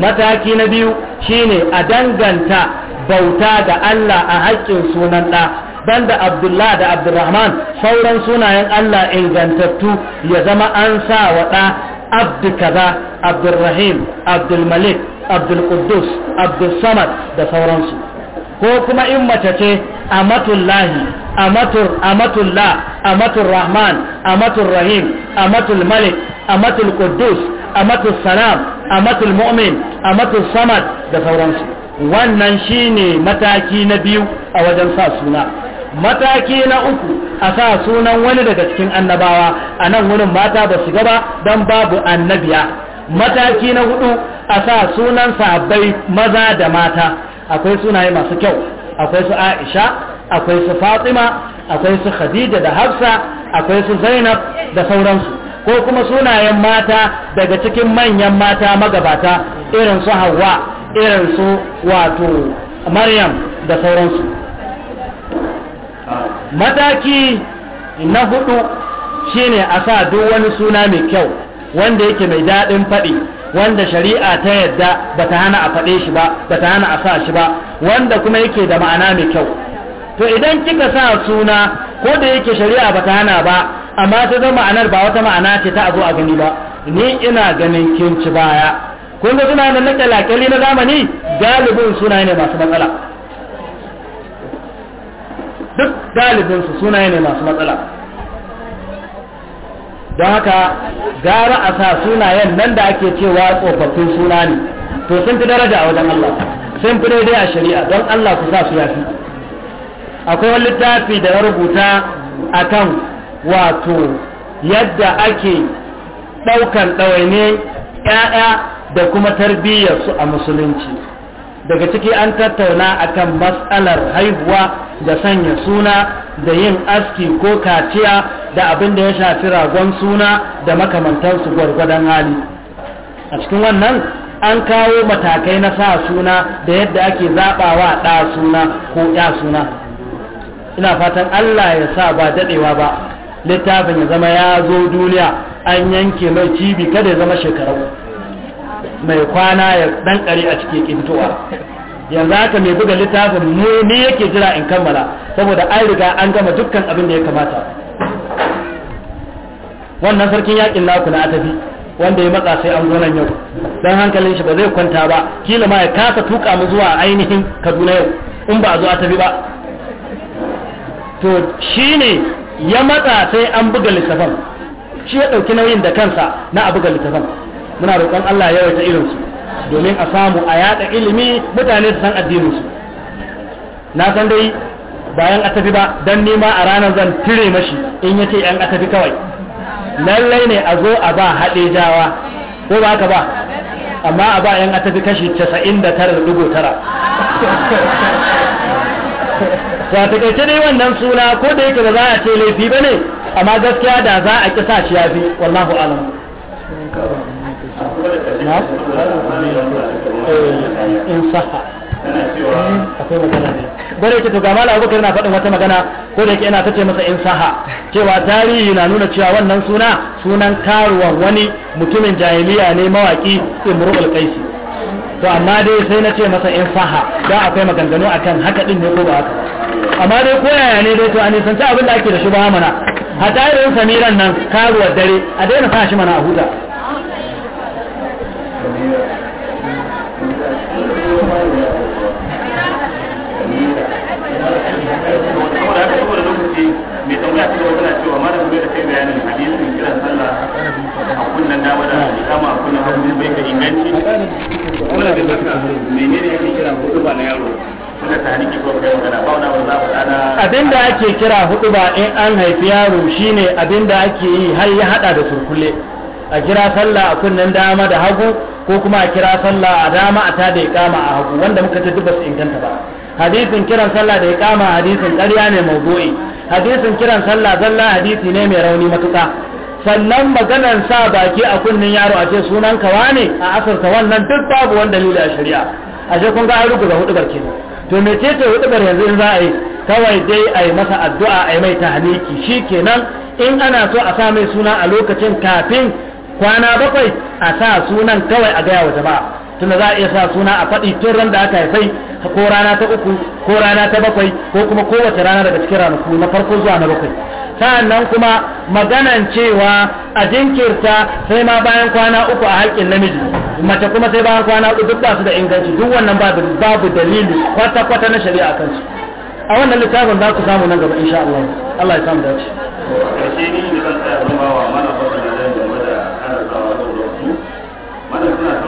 mataki na biyu shine a danganta bauta da Allah a haƙƙin sunan ɗa dan da Abdullah da Abdurrahman sauran sunayen Allah ingantattu ya zama an sa wa ɗa abdukaza kaza Abdurrahim Abdulmalik Abdulquddus Abdulsamad da sauransu ko kuma in mace ce a matullahi Amatul amatullah Amatul rahman Amatul rahim amatul malik amatul quddus amatul salam amatul mu'min amatul samad da sauransu wannan shine mataki na biyu a wajen sa suna mataki na uku a sa sunan wani daga cikin annabawa a nan wurin mata ba su gaba don babu annabiya mataki na hudu a sa sunan sabai maza da mata akwai sunaye masu kyau akwai su aisha akwai su fatima akwai su khadija da hafsa akwai su zainab da sauransu ko kuma sunayen mata daga cikin manyan mata magabata irin su hawa irin su wato maryam da sauransu mataki na hudu shine a sa duk wani suna mai kyau wanda yake mai daɗin faɗi wanda shari'a ta yadda ba ta hana a faɗe shi ba ba ta hana a sa shi ba wanda kuma yake da ma'ana mai kyau to idan kika sa suna ko da yake shari'a ba ta hana ba amma ta zama ma'anar ba wata ma'ana ce ta abu a gani ba ni ina ganin kin ci baya kun ga suna da na lakali na zamani galibin suna ne masu matsala duk galibin su suna ne masu matsala don haka gara a sa sunayen nan da ake cewa tsofaffin suna ne to sun fi daraja a wajen Allah sun fi daidai a shari'a don Allah ku sa su yafi akwai wani littafi da ya rubuta kan wato yadda ake ɗaukan ɗawaine ‘ya'ya da kuma tarbiyyarsu a musulunci daga ciki an tattauna a kan matsalar haihuwa da sanya suna da yin aski ko kaciya da abin da ya shafi ragon suna da makamantansu gwargwadon hali a cikin wannan an kawo matakai na sa suna da yadda ake zaɓawa ɗa suna ko ya suna ina fatan Allah ya sa ba dadewa ba littafin ya zama ya zo duniya an yanke mai cibi kada ya zama shekaru mai kwana ya dan kare a cikin kintuwa yanzu haka mai buga littafin mu ne yake jira in kammala saboda an riga an gama dukkan abin da ya kamata wannan sarkin yakin naku na atabi wanda ya matsa sai an zo nan yau dan hankalin shi ba zai kwanta ba kila ma ya kasa tuka mu zuwa ainihin Kaduna yau in ba a zo atabi ba to shi ne ya matsa sai an buga littafan shi ya ɗauki nauyin da kansa na a buga littafan muna roƙon Allah ya yawaita irinsu domin a samu a yaɗa ilimi mutane su san addininsu na san dai bayan a tafi ba don nema a ranar zan tire mashi in ya ce ‘yan a tafi kawai lallai ne a zo a ba haɗe jawa ko ba ka ba amma a ba ‘yan a tafi kashi 99.9 ya takaice dai wannan suna ko da yake ba za a ce laifi ba ne amma gaskiya da za a kisa shi ya fi wallahu alam eh, in bare ke to ga mala abubakar na faɗin wata magana ko da yake ina ta ce masa in saha cewa tarihi na nuna cewa wannan suna sunan karuwan wani mutumin jahiliya ne mawaki imrul qaisi to amma dai sai na ce masa in saha da akwai maganganu akan haka din ne ko ba haka amma dai ko koyaya ne dai to a nisanci abin da ake da shi ba mana a tarin samiran nan karuwar dare a daina sa shi mana a huta Abin da ake kira hudu abinda ake kira hudu ba in an haifi yaro shine abin da ake yi har ya hada da surkule a kira sallah a kunnen dama da hagu ko kuma a kira sallah a dama a tada kama a hagu wanda muka ta dubas inganta ba hadisin kiran sallah da ya kama hadisin karya ne mai hadisin kiran sallah zalla hadisi ne mai rauni matuka sannan maganar sa baki a kunnin yaro a ce sunan kawa ne a asarta wannan duk babu wani dalili a shari'a a ce kun ga an rubuta hudubar kenan to me ce ce hudubar yanzu in za a yi kawai dai a yi masa addu'a a yi mai shi kenan in ana so a sa mai suna a lokacin kafin kwana bakwai a sa sunan kawai a gaya wa jama'a tunda za a iya sa suna a faɗi tun ran da aka haifai ko rana ta uku ko rana ta bakwai ko kuma kowace rana daga cikin ranaku na farko zuwa na bakwai sa'annan kuma maganan cewa a jinkirta sai ma bayan kwana uku a haƙƙin namiji mace kuma sai bayan kwana uku duk su da inganci duk wannan babu dalili kwata-kwata na shari'a su. a wannan littafin za ku samu nan gaba insha Allah Allah ya samu dace mana suna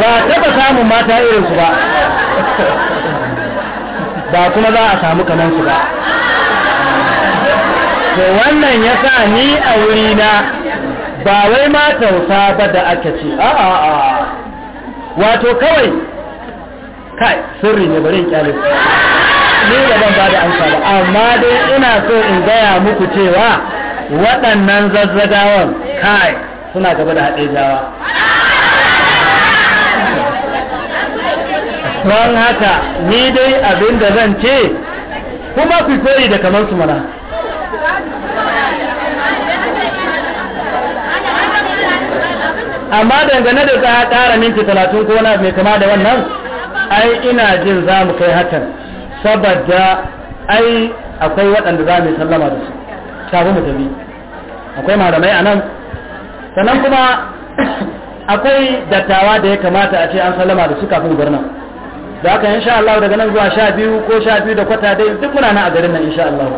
ba taba samun mata irinsu su ba ba kuma za a samu kaman su ba to wannan ya sa ni a wurina ba wai ma ba da aka ce a a a wato kawai kai sirri ne bari kyale ni da ban ba da amsa ba amma dai ina so in gaya muku cewa waɗannan zazzagawan kai suna gaba da haɗe jawa don haka ni dai abin da zan ce kuma ku koyi da kamar su mana amma dangane da za ƙara minti talatin ko wani mai kama da wannan ai ina jin za mu kai hakan saboda ai akwai waɗanda za mu sallama da su shafi mu tafi akwai malamai a nan sannan kuma akwai dattawa da ya kamata a ce an sallama da su kafin gurnan da yi insha Allah daga nan zuwa sha biyu ko sha biyu da kwata dai duk muna nan a garin nan insha Allah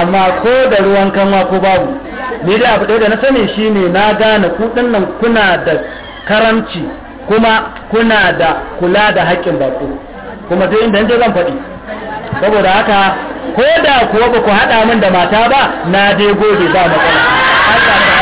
amma ko da ruwan kanwa ko babu ni da abu da na sani shine na gane ku nan kuna da karamci kuma kuna da kula da haƙƙin bako kuma duk inda je zan faɗi saboda haka ko da kuwa ba ku haɗa min da mata ba na dai gode ba matsala